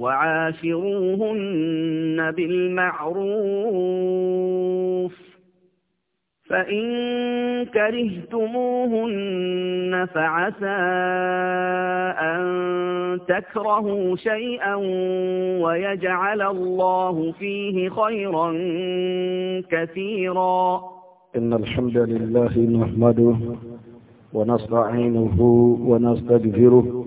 وعاشروهن بالمعروف فإن كرهتموهن فعسى أن تكرهوا شيئا ويجعل الله فيه خيرا كثيرا إن الحمد لله نحمده ونستعينه ونستغفره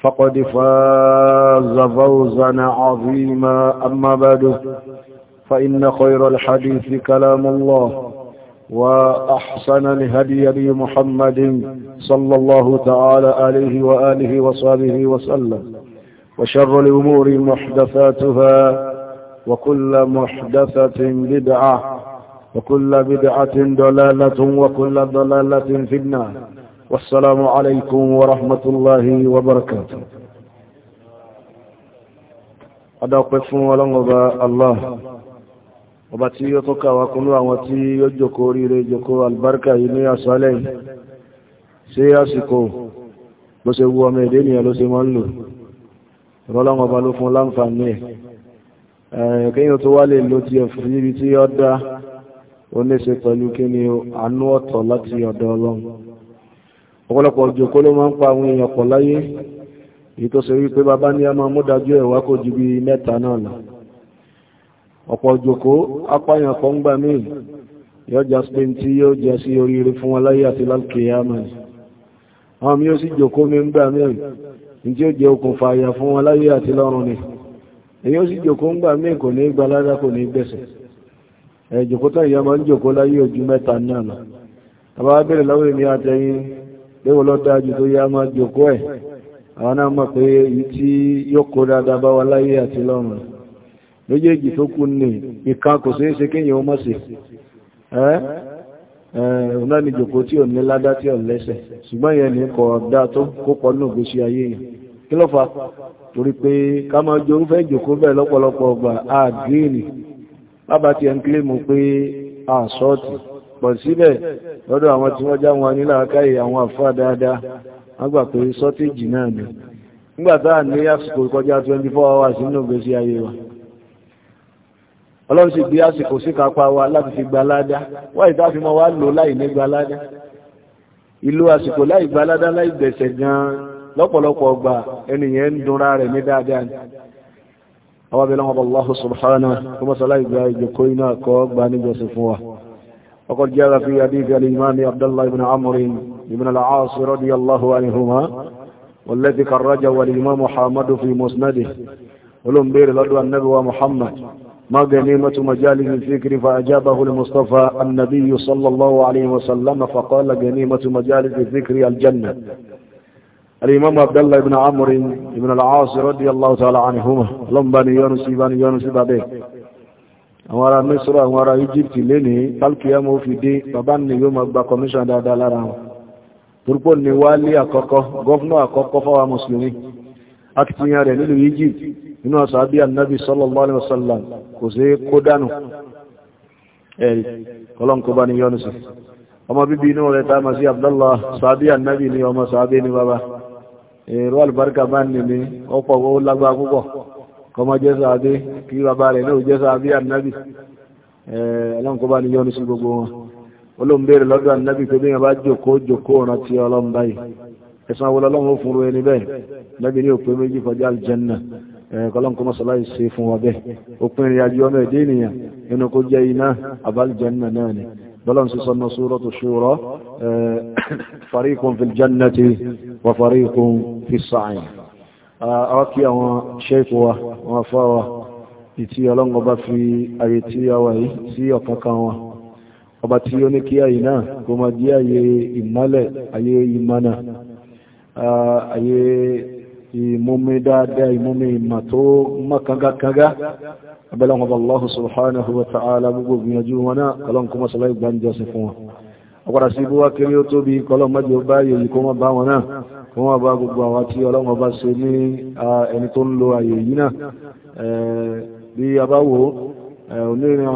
فقد فاز فوزا عظيما أما بعد فإن خير الحديث كلام الله وأحسن الهدي لمحمد صلى الله تعالى عليه وآله وصحبه وسلم وشر الأمور محدثاتها وكل محدثة بدعة وكل بدعة ضلالة وكل ضلالة في النار والسلام عليكم ورحمة الله وبركاته أدوقف ولنغضى الله وباتي يتوكا وكنوا واتي يجوكو ريري جوكو البركة ينيا صالح سياسكو لسيبوا ميدينيا لسيمانلو rọ́lọ́wọ́ba ló fún láǹfààní ẹ̀ kíyàn tó wá lè ló ti ẹ̀fù níbi tí ó dá ó pẹ̀lú kí ni àánú ọ̀tọ̀ láti ọ̀dọ̀ ọlọ́run ọ̀pọ̀lọpọ̀ òjòkó ló máa ń pa àwọn èèyàn pọ̀ láyé èyí tó ṣe wípé bàbá ní a máa mú dájú ẹ̀wà kò ju bí mẹ́ta náà lọ ọ̀pọ̀ òjòkó apáyàn pọ̀ ń gbà míì yóò já sí pé tí yóò jẹ́ sí oríire fún wọn láyé àti lálùkìyàmọ̀ àwọn mi ó sì jòkó mi ń gbà míì tí ó jẹ́ okùnfà àyà fún wọn láyé jòkó láyé ojú mẹ́ta náà lọ àbá bẹ̀rẹ̀ lọ́wọ́ èmi léwo lọ dájú tó yá máa jòkó ẹ̀ àwọn náà mọ̀ pé èyí tí yóò kó dáadáa bá wa láyé àti lọ́run méjèèjì tó kú ní ìkan kò ṣeé ṣe kéèyàn ó mọ̀ sí ẹ́ ọ̀nà ni jòkó tí ò ní ládá tí ò lẹ́sẹ̀ ṣùgbọ́n yẹn ní kọ̀ dá tó kó pọ̀ nù gbèsè ayé yẹn kí ló fà torí pé ká máa jọ orúfẹ́ jòkó bẹ́ẹ̀ lọ́pọ̀lọpọ̀ ọgbà àgbéènì bábà ti ẹ̀ ń kílèmù pé àṣọ́ọ̀tì pọ̀ síbẹ̀ lọ́dọ̀ àwọn tí wọ́n já wọn ní làákàyè àwọn àfáà dáadáa wọ́n pé sọ́tẹ́jì ni kọjá 24 hours nínú ìgbésí ayé wa ọlọ́run sì gbé àsìkò sí kápá wa láti fi gba ládá wáyé tá fi mọ́ wá lò láì gba ládá ìlú àsìkò láì gba ládá láì gan lọ́pọ̀lọpọ̀ ọgbà dunra rẹ̀ ní dáadáa ni àwọn abẹ́lẹ́ wọn bọ̀ lọ́hùn iná fún وقد جاء في حديث الإمام عبد الله بن عمرو بن العاص رضي الله عنهما والذي خرجه والإمام حامد في مسنده ولم بير لدو النبي ومحمد ما غنيمة مجالس الفكر فأجابه المصطفى النبي صلى الله عليه وسلم فقال غنيمة مجالس الفكر الجنة الإمام عبد الله بن عمرو بن العاص رضي الله تعالى عنهما لم بني يونس بني يونس بابيه àwọn ará Mísírà àwọn ará Egypt lénìí kálkìyà mọ́ fi dé bàbá ní yóò máa gba commission dáadáa lára wọn torípò ní wálé àkọ́kọ́ gọ́fúnà àkọ́kọ́ fáwọn mùsùlùmí akitiyan rẹ̀ nílùú Egypt nínú àsàbí annabi sallallahu alaihi wasallam kò sí kó dánù ẹ̀rì kọlọ́nkọ bá ní yọ́nù sí ọmọ bíbí inú rẹ̀ tá ma sí Abdullah sàbí annabi ni ni bàbá èrò albarka kọmọ jẹ́ sàádé kí bàbá rẹ̀ náà jẹ́ sàádé ànábì ọlọ́run kó bá ní yọ́nú sí gbogbo wọn olóhùn béèrè lọ́dọ̀ ànábì pé bí wọn bá jòkó jòkó ọ̀ràn ti ọlọ́run báyìí ẹ̀sán wọlé ọlọ́run ó fúnru ẹni bẹ́ẹ̀ lẹ́bi ní òpin méjì kọjá aljanna kọlọ́n kọmọ sọláì fún wa bẹ́ẹ̀ òpin ìrìn ọmọ ẹ̀dẹ́ ènìyàn inú kó jẹ́ iná àbáljanna náà ni بلان سيصنى سورة الشورى فريق في الجنة وفريق في الصعيد àwákí àwọn ṣẹ́ẹ̀kù wa wọn fà wa ìtí ọlọ́ngọ bá fi ààyè tí a wà yìí sí ọ̀kankan wọn ọba tí ó ní kí ààyè náà kó máa jẹ́ ààyè ìmálẹ̀ ààyè ìmánà ààyè ìmúmi dáadáa ìmúmi ìmà tó mọ́kangakanga abẹ́lẹ́ wọn bá Allahu subhanahu wa ta'ala gbogbo gbìyànjú wọn náà ọlọ́nkọ mọ́sálá ìgbàǹjọ́sìn fún wọn ọ̀padà sí ibú wá kiri ó tóbi kọlọ́ mọ́jọ báyìí kó má bá wọn kí wọ́n bá gbogbo àwọn tí ọlọ́run bá ṣe ní ẹni tó ń lo àyè yìí náà bí a bá wò onírin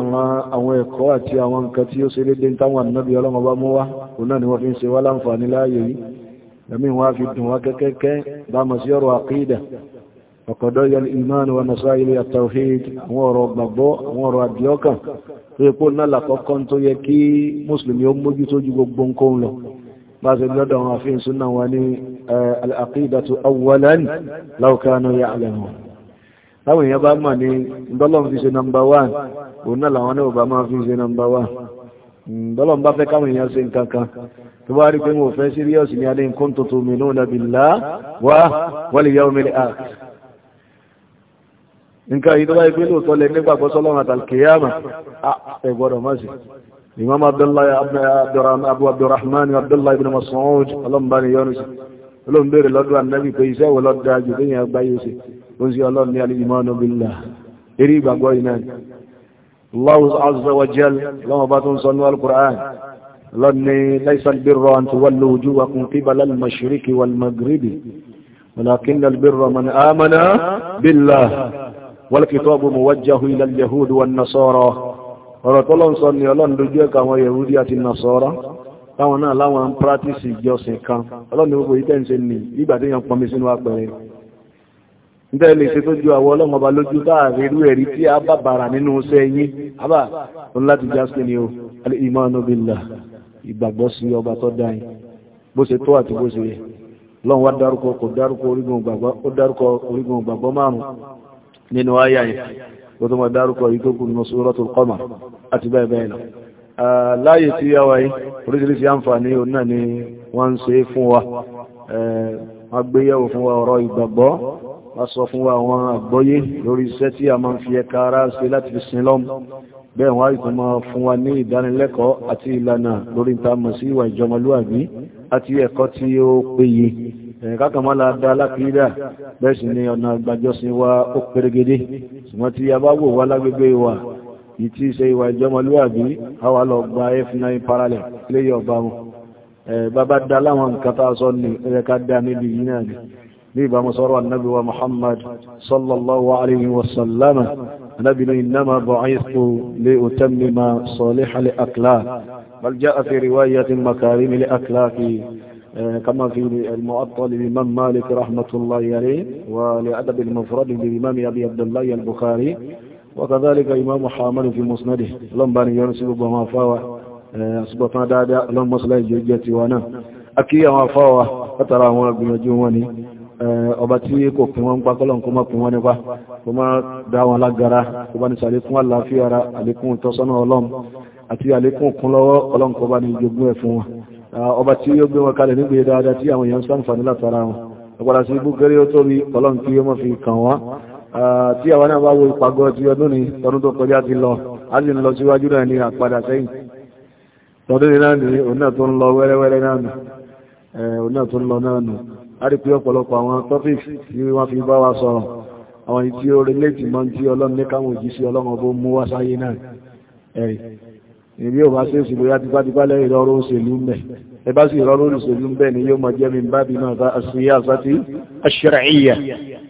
àwọn ẹ̀kọ́ àti àwọn nǹkan tí ó ṣe lédé táwọn ànábì ọlọ́run bá mú wá òun náà ni wọ́n fi ń ṣe wá láǹfààní láàyè yìí ẹ̀mí wọn á fi dùn wá kẹ́kẹ́kẹ́ bá mọ̀ sí ọ̀rọ̀ àkídà ọ̀kọ̀dọ́ yẹn ìmánu wa masáìlì àtàwíd àwọn ọ̀rọ̀ gbàgbọ́ àwọn ọ̀rọ̀ àdìọ́kàn tó yẹ kó náà làkọ́kọ́ tó yẹ kí mùsùlùmí ó mójútó ju gbogbo nǹkan lọ bá ṣe lọ́dọ̀ wọn fi súnà wọn ní al'aqidatu awwalan law kanu ya'lamun láwọn èèyàn bá mọ̀ ní dọ́lọ́n fi ṣe nọmbà wán òun náà làwọn náà bá máa fi ṣe nọmbà wán dọ́lọ́n bá fẹ́ káwọn èèyàn ṣe nǹkan kan tó bá rí pé wọ́n fẹ́ síríọ́sì ní alẹ́ nǹkan tó tómi náà nàbì lá wá wal yawmil akhir nǹkan yìí tó bá rí pé lóòótọ́ lẹ nígbàgbọ́sọ́lọ́run àtàlùkìyàmà ẹgbọ́dọ̀ má sí imam abdullahi abu abdurrahman abdullahi ibn mas'ud ọlọ́mbani yọnu sí ọlọ́m bèèrè lọ́dún annabi pé iṣẹ́ wọ lọ́dún ajù tó yẹn gbáyé sí ó ń sí ọlọ́run ní alìmọ́nà bílá eré ìgbàgbọ́ iná allahu azza wa jal lọ́wọ́ bá tó ń sọ ní al-qur'an lọ́ni laisal birra an tuwallu wujuhakum qibala ọ̀rọ̀ tó lọ́n sọ ni ọlọ́run lójú ẹ̀ka àwọn yẹ̀húdí àti nasọ́rọ́ táwọn náà láwọn ń pírátìsì ìjọsìn kan ọlọ́run gbogbo yìí tẹ́ǹsẹ̀ ní ìgbà tí yàn pọnmi sínú apẹ̀rẹ̀ níta ilé ṣe tó ju àwọn ọlọ́run ọba lójú táàrí irú ẹ̀rí tí a bá bàrà nínú iṣẹ́ yín abá òun láti já sí ni o al-imanu billah ìgbàgbọ́ sí kó tó máa dárúkọ yìí tó kù nínú Suratul Qamar àti bẹ́ẹ̀ bẹ́ẹ̀ lọ láàyè tí yá wáyé oríṣiríṣi àǹfààní òun náà ni wọ́n ń ṣe fún wa wọ́n gbéyẹ̀wò fún wa ọ̀rọ̀ ìgbàgbọ́ wọ́n sọ fún wa àwọn àgbọ́yé lórí iṣẹ́ tí a máa ń fi ẹka ara ṣe láti fi sin lọ́m bẹ́ẹ̀ wọ́n àìkú máa fún wa ní ìdánilẹ́kọ̀ọ́ àti ìlànà lórí ìtàmọ̀ sí ìwà ìjọmọlúwàbí àti ẹ̀kọ́ tí ó péye kákàmọ́lá dá lápìídà bẹ́ẹ̀ sì ni ọ̀nà àgbàjọsìn wa ó pérégedé ṣùgbọ́n tí a bá wò wá lágbègbè wa ìtí ṣe ìwà ìjọmọlúwàbí àwa lọ gba f9 parallel léyọ̀ ọba wọn bàbá dá láwọn nǹkan tá ni ní ìbámu sọ̀rọ̀ annabi muhammad sallallahu alaihi wa sallama annabi ni innama bu'ithu li utammima salihal akhlaq bal ja'a fi riwayatin makarimil akhlaqi كما في المعطل الإمام مالك رحمة الله عليه ولأدب المفرد للإمام أبي عبد الله البخاري وكذلك إمام حامل في مسنده لم بني ينسب بما فاوى سبطان دادا لم مصلح جرجتي وانا أكي ما فاوى فترى هنا بمجواني ọba tí kò pín wọn pa kọ́lọ̀ kó má pín wọn nípa kó má dá wọn lágara kó bá ní sàlékún àlàáfíà ara àlékún ìtọ́sọ́nà ọlọ́run àti àlékún kún lọ́wọ́ ọlọ́run kó bá ní jogún ẹ̀ fún wọn ọba tí yóò gbé wọn kalẹ̀ nígbè dáadáa tí àwọn èèyàn sáǹfàní látara wọn ọ̀pọ̀lá sí ibú gẹ́rẹ́ ó tóbi ọlọ́run kí ó mọ́ fi kàn wọ́n tí àwọn náà bá wo ìpàgọ́ ti ọdún ní ọdún tó kọjá ti lọ a sì ń lọ síwájú náà ní àpadà sẹ́yìn tọdún ní náà ní òun náà tó ń lọ wẹ́rẹ́wẹ́rẹ́ náà nù òun náà tó ń a rí pé ọ̀pọ̀lọpọ̀ àwọn topics tí wọ́n fi bá wa sọ̀rọ̀ àwọn ìtí ìrí ò bá sí òṣèlú ya tipátipá lẹ́yìn ìrọ̀rọ̀ òṣèlú mẹ́ ẹ bá sì ìrọ̀rọ̀ òṣèlú mẹ́ ni yóò máa jẹ́ mi bá bí náà àṣíyá àṣátí aṣ-ṣar'iyya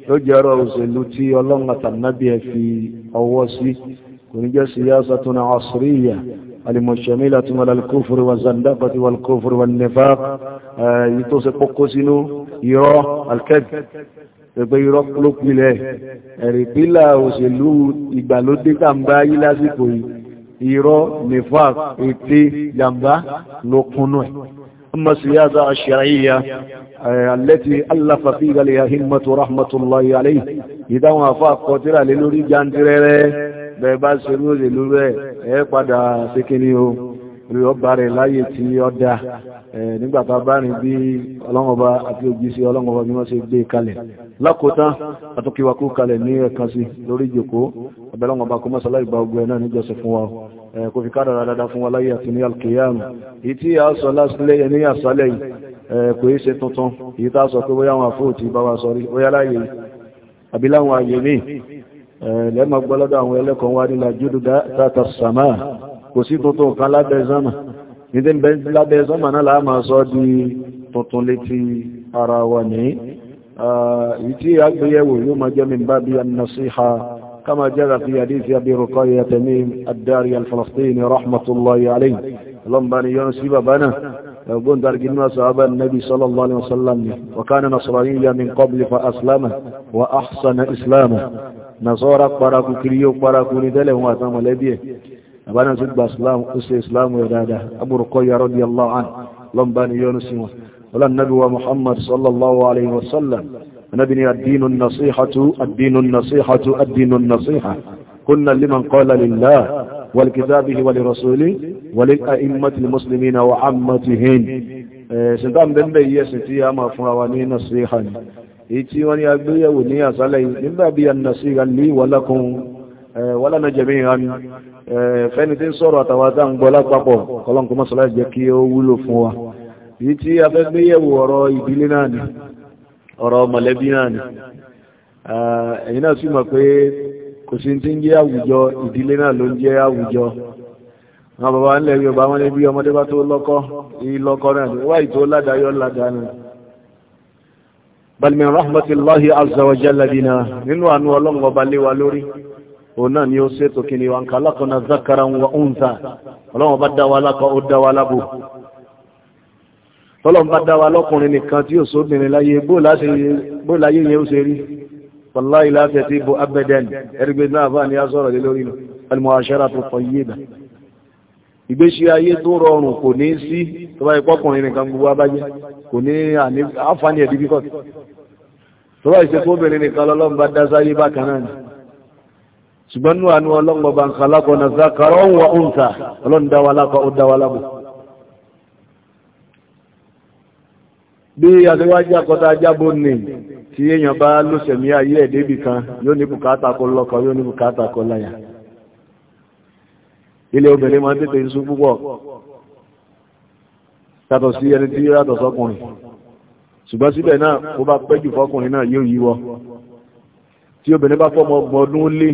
ló jẹ́ ọ̀rọ̀ òṣèlú tí ọlọ́run àtànábì ẹ fi ọwọ́ sí kò ní jẹ́ siyasatun asriyya al-mushtamilatun ala al-kufr wa zandaqati wal irọ́ ló pilẹ̀ ẹ̀rì pílà òṣèlú ìgbàlódé tàǹbá yí yìí irọ́ nifaq ète jàmbá ló kúnnú ẹ̀ أما السياسة الشرعية التي ألف فيها همة رحمة الله عليه إذا وافق قتل لنوري جانترير بيبا سنو لنوري إيقادا سكنيو rí ọba rẹ̀ láyé tí ó dá eh, nígbàtà bá rìn bí ọlọ́mọba àti òjísí ọlọ́mọba bí wọ́n ṣe gbé kalẹ̀ lákòótán àtúnkíwakú kalẹ̀ ní ẹ̀kan sí lórí ìjòkó abẹ́lọ́wọ̀n bá kó mọ́sálá ìgbà ogun ẹ̀nà níjọsìn fún wa kò fi kádàrà dáadáa fún wa láyé àti ní alkiyama èyí tí a sọ lásìlẹ̀ ní àsálẹ̀ yìí kò í ṣe tuntun èyí tá sọ pé bóyá wọn àfóò tí bá wa sọ rí bóyá láyé àbí láwọn àyè mí lẹ́mọ̀ àwọn ẹlẹ́kọ̀ọ́ ara wa ní èyí tí àgbéyẹ̀wò yóò máa jẹ́ nasiha كما جاء في حديث أبي رقية تميم الداري الفلسطيني رحمة الله عليه اللهم بني ينسب بنا يقول دار جنوة النبي صلى الله عليه وسلم وكان نصرانيا من قبل فأسلمه وأحسن إسلامه نصارى قراكو كريو قراكو ندله واتام لديه أبانا زد إسلام أسل إسلام ويداده أبو رقية رضي الله عنه اللهم بني ينسب ولا النبي ومحمد صلى الله عليه وسلم النبي الدين النصيحة الدين النصيحة الدين النصيحة قلنا لمن قال لله ولكتابه ولرسوله وللأئمة المسلمين وعامتهم سنتام بمبي يسنتي أما فراواني نصيحة ìtí wọ́n ní agbéyẹ̀wò ní àsálẹ̀ nígbà bí i nàṣíra lè wọ́lákun wọ́lánà jẹ̀mí ìran fẹ́ni tí ń sọ̀rọ̀ àtàwátà ń gbọ́lá papọ̀ kọlọ́nkọmọ́sọ̀lá jẹ́ kí ó wúlò fún wa ìtí afẹ́gbéyẹ̀wò ọ̀rọ̀ ìdílé náà ni ọ̀rọ̀ mọ̀lẹ́bí náà ni ẹ̀yin náà sì mọ̀ pé kò sí ti ń jẹ́ àwùjọ ìdílé náà ló ń jẹ́ àwùjọ àwọn bàbá ńlẹ̀ Yorùbá wọn ní bí ọmọdé bá tó lọ́kọ ìlọ́kọ náà ni wáyé tó ládàáyọ́ ládàánù bal min rahmatillahi wa jalla bina nínú àánú ọlọ́run ọba lé lórí òun náà ni ó ṣètò kìnìwà ń kà lákọ̀ọ́nà zakaran wa ounza ọlọ́run ọba dá wa lákọ̀ọ́ ó dá lábò tọ́lọ̀ ń bá dá wa lọ́kùnrin nìkan tí ó sóbìnrin láyé bó láyé yẹn ó ṣe rí wàláyé láfẹ́ tí bó abẹ́dẹ́n ẹ̀rígbé náà bá ní asọ́rọ̀ lé lórí almuashara tó kọ yé dà ìgbésí ayé tó rọrùn kò ní sí tó bá ìpọ́kùnrin nìkan gbogbo abájẹ́ kò ní àǹfààní ẹ̀dí bíkọ́ tó bá ìṣe bí adéwájú àkọta ajábó ní tí èèyàn bá lóṣẹ̀mí ayé ẹ̀ débì kan yóò ní bùkátà kó lọ́kọ yóò ní bùkátà kó láyà ilé obìnrin máa ń tètè sún púpọ̀ yàtọ̀ sí ẹni tí yàtọ̀ sọ́kùnrin ṣùgbọ́n síbẹ̀ náà ó bá pẹ́ jù fọ́kùnrin náà yóò yíwọ́ tí obìnrin bá fọ́mọ ọgbọ̀n ọdún lé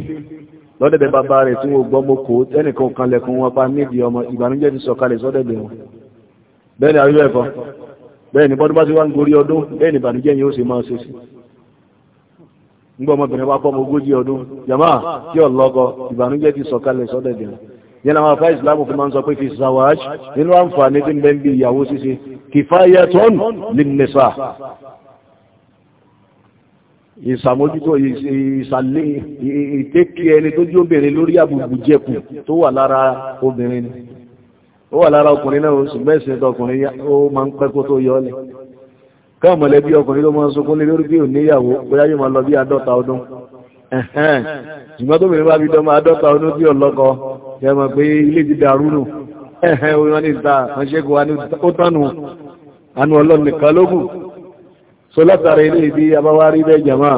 lọ́dẹ̀dẹ̀ bàbá rẹ̀ tí wọ́n gbọ́ mọ́ kò tẹ́nìkan kanlẹ̀kùn wọn pa nídìí ọmọ ìbànújẹ́ ti sọ̀kalẹ̀ sọ́dẹ̀dẹ̀ wọn bẹ́ẹ̀ ni àríwẹ̀ kan bẹ́ẹ̀ ni bọ́dún bá sí wá ń gorí ọdún bẹ́ẹ̀ ni ìbànújẹ́ yóò ṣe máa ṣe sí nígbà ọmọbìnrin wá fọ́mọ ogójì ọdún jama tí ọlọ́gọ ìbànújẹ́ ti sọ̀kalẹ̀ sọ́dẹ̀dẹ̀ yẹn àwọn afá ìsìlámù fi máa ń sọ pé fi zawaj nínú àǹfààní tí ń bẹ́ ń bí ìyàwó ṣíṣe kifayatun linnisa ìsàmójútó ìsàlẹ̀ ìtẹ́kì ẹni tó jí obìnrin lórí àbùbù jẹkù tó wà lára obìnrin ó wà lára ọkùnrin náà ṣùgbọ́n ẹ̀sìn ọkùnrin ó máa ń pẹ́ kó tó yọ ọ́lẹ̀ káwọn mọ̀lẹ́bí ọkùnrin ló máa ń sunkún lórí bí ò níyàwó bóyá yóò máa lọ bí àádọ́ta ọdún ṣùgbọ́n tó mìíràn bá fi dọ́mọ àádọ́ta ọdún tí ọlọ́kọ jẹ́ mọ̀ pé ilé ti dàrú nù ẹ̀hẹ́ wọn ní ìta ránṣẹ́kù wa ní ó tánu anú ọlọ́nìkan lókù so látara ilé ibi abáwárí bẹ́ jama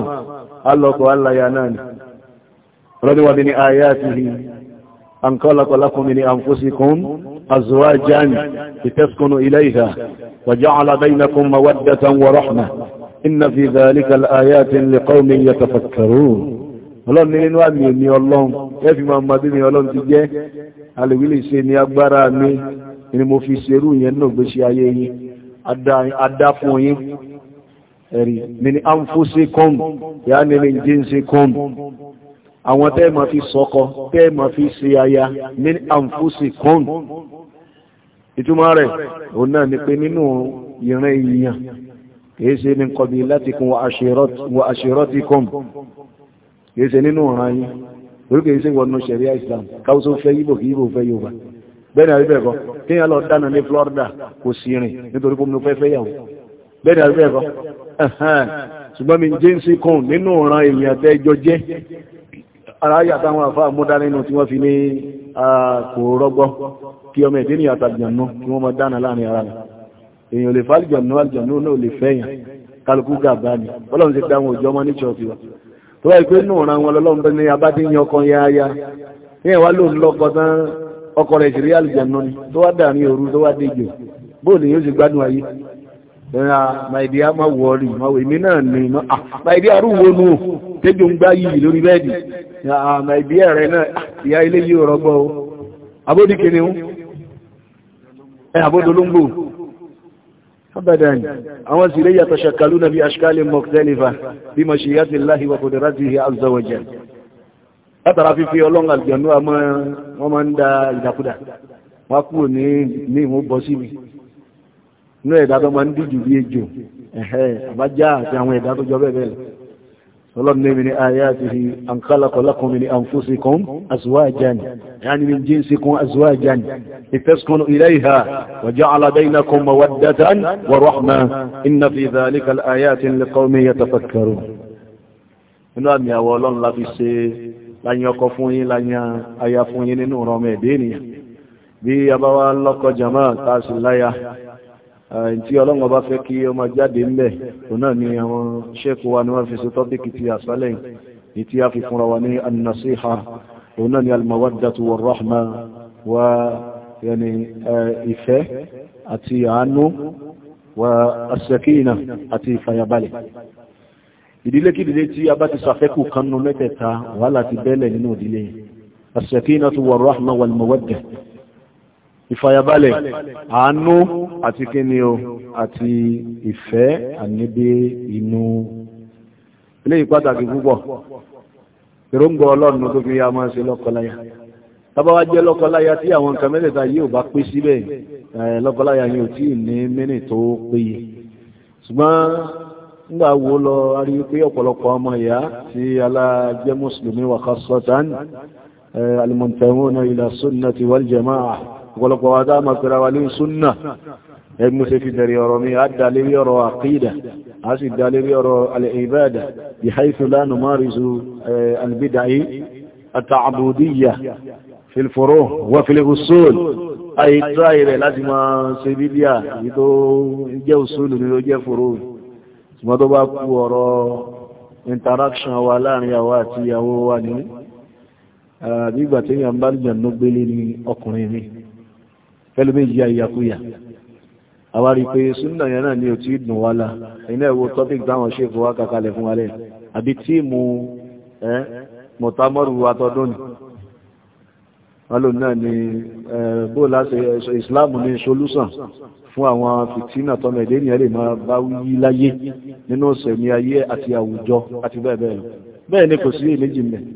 alọ́kọ̀ aláya náà ni ọlọ́dún wa bí ni àǹfóṣìkún أزواجا لتسكنوا إليها وجعل بينكم مودة ورحمة إن في ذلك الآيات لقوم يتفكرون ولن نين وامي ني كيف ما مدني ولن تجي على ولي سيني أكبر أمي إن مفسرون ينو بشي أيه أدا من أنفسكم يعني من جنسكم àwọn tẹ́ ma fi sọ́kọ tẹ́ ma fi ṣe aya ní àǹfúsì kọ́n ìtumọ̀ rẹ̀ òun náà ni pé nínú ìran èèyàn kìí ṣe ní kọbi láti kún wa àṣírọ́tì kọ́m kìí ṣe nínú ọ̀ràn yìí torí kìí ṣe wọnú Islam káwọ́sọ fẹ́ yíbò kí yíbò fẹ́ Yorùbá bẹ́ẹ̀ni àríbẹ̀kọ́ kí yẹn lọ dáná ní Florida kò sí rìn nítorí kó mú fẹ́ fẹ́ yàwó bẹ́ẹ̀ni àríbẹ̀kọ́ ṣùgbọ́n mi jẹ́ ń sí kún nínú ọ̀ràn èèyàn tẹ́jọ jẹ́ aráyà táwọn àfáà mú dání inú tí wọ́n fi ní kò rọ́gbọ́ kí ọmọ ìdí ní àtàjànú kí wọ́n mọ dáná láàrin ara rẹ̀ èèyàn lè fàájànú àjànú náà lè fẹ́yàn kálukú gàbá ni ọlọ́run ti dáwọn òjò ọmọ ní ṣọ́ọ̀tì ni abádé yan ọkàn ya aya ni tó wá dàrin òru tó wá dèjò bóòlù yóò sì gbádùn ayé ẹ̀ra màìdíà tẹ́jọ ń gbá yìí lórí bẹ́ẹ̀dì àmà ìbí ẹ̀rẹ́ náà ìyá ilé yìí rọgbọ́ o abódì kìíní o ẹ abódò olóńgbò abadan àwọn sì lè yàtọ̀ ṣàkàlù náà bí aṣkáàlì mọ̀kẹ́lìfà bí mo ṣe yàtì láhì wà kò dára sí azza wa jal látara fífi ọlọ́run فلن من آياته أن خلق لكم من أنفسكم أزواجا يعني من جنسكم أزواجا لتسكنوا إليها وجعل بينكم مودة ورحمة إن في ذلك الآيات لقوم يتفكرون من أن يولون لفسه لن يقفون لن يأيفون لنورهم الدنيا بي أبوان لك جمال تاسل Eh, tí ọlọ́run ọba fẹ́ kí ọmọ jáde ń bẹ̀ òun náà ni àwọn ṣẹ́kù wa ni wọ́n fi ṣe tọ́pìkì ti àṣálẹ̀ ní tí a fi fúnra wa ní annasiha òun náà ni almawaddatu wa rahma wa yani eh, ìfẹ́ àti àánú wa asakina àti ìfàyàbalẹ̀ ìdílé kídílé tí a bá ti sàfẹ́kù kanú mẹ́tẹ̀ẹ̀ta wàhálà ti bẹ́lẹ̀ nínú ìdílé asakina wa rahma wa almawadda ìfàyàbalẹ̀ àánú àti kíni o àti ìfẹ́ àníbí inú eléyìí pàtàkì púpọ̀ èròǹgbà ọlọ́run tó fi ya máa ṣe lọ́kọláya tábáwá jẹ́ lọ́kọláya tí àwọn nǹkan mẹ́tẹ̀ẹ̀ta yìí ò bá pé síbẹ̀ lọ́kọláya yìí ò tí ì ní mínì tó péye ṣùgbọ́n nígbà wo lọ rí pé ọ̀pọ̀lọpọ̀ ọmọ ìyá tí alájẹ́ mùsùlùmí wà kásọ̀tán almuntahuna ila sunnati wal jama'a ọ̀pọ̀lọpọ̀ wa dáa máa pẹ̀lú àwọn ilé súnà ẹgbùn ṣe fi bẹ̀rẹ̀ ọ̀rọ̀ mi a dá lérí ọ̀rọ̀ àkídà a sì dá lérí ọ̀rọ̀ al'ibada bí haifu lánà márìsù albida'i àtàbùdíyà filforo wà filihusul a yi tráì rẹ̀ láti máa ṣe bíbíà yí àbígbà tí yàn bá jẹ̀ ní ọkùnrin mi pẹ̀lú méjì àyàkúyà àwárí pé súnà yẹn náà ni ò tí dùn wá la iná ẹ̀wọ̀ topic táwọn ṣe fọwọ́ kakalẹ̀ fún wa lẹ̀ àbí tíìmù ẹ́ mọ̀tàmọ́rù atọ́dún ni wọ́n lò ni bó láti islam ní solúsàn fún àwọn fìtínà tọ́mọ èdè ènìyàn lè máa bá wí láyé nínú ọ̀sẹ̀ ní ayé àti àwùjọ àti bẹ́ẹ̀ bẹ́ẹ̀ bẹ́ẹ̀ ni kò sí èméjì mẹ́ẹ̀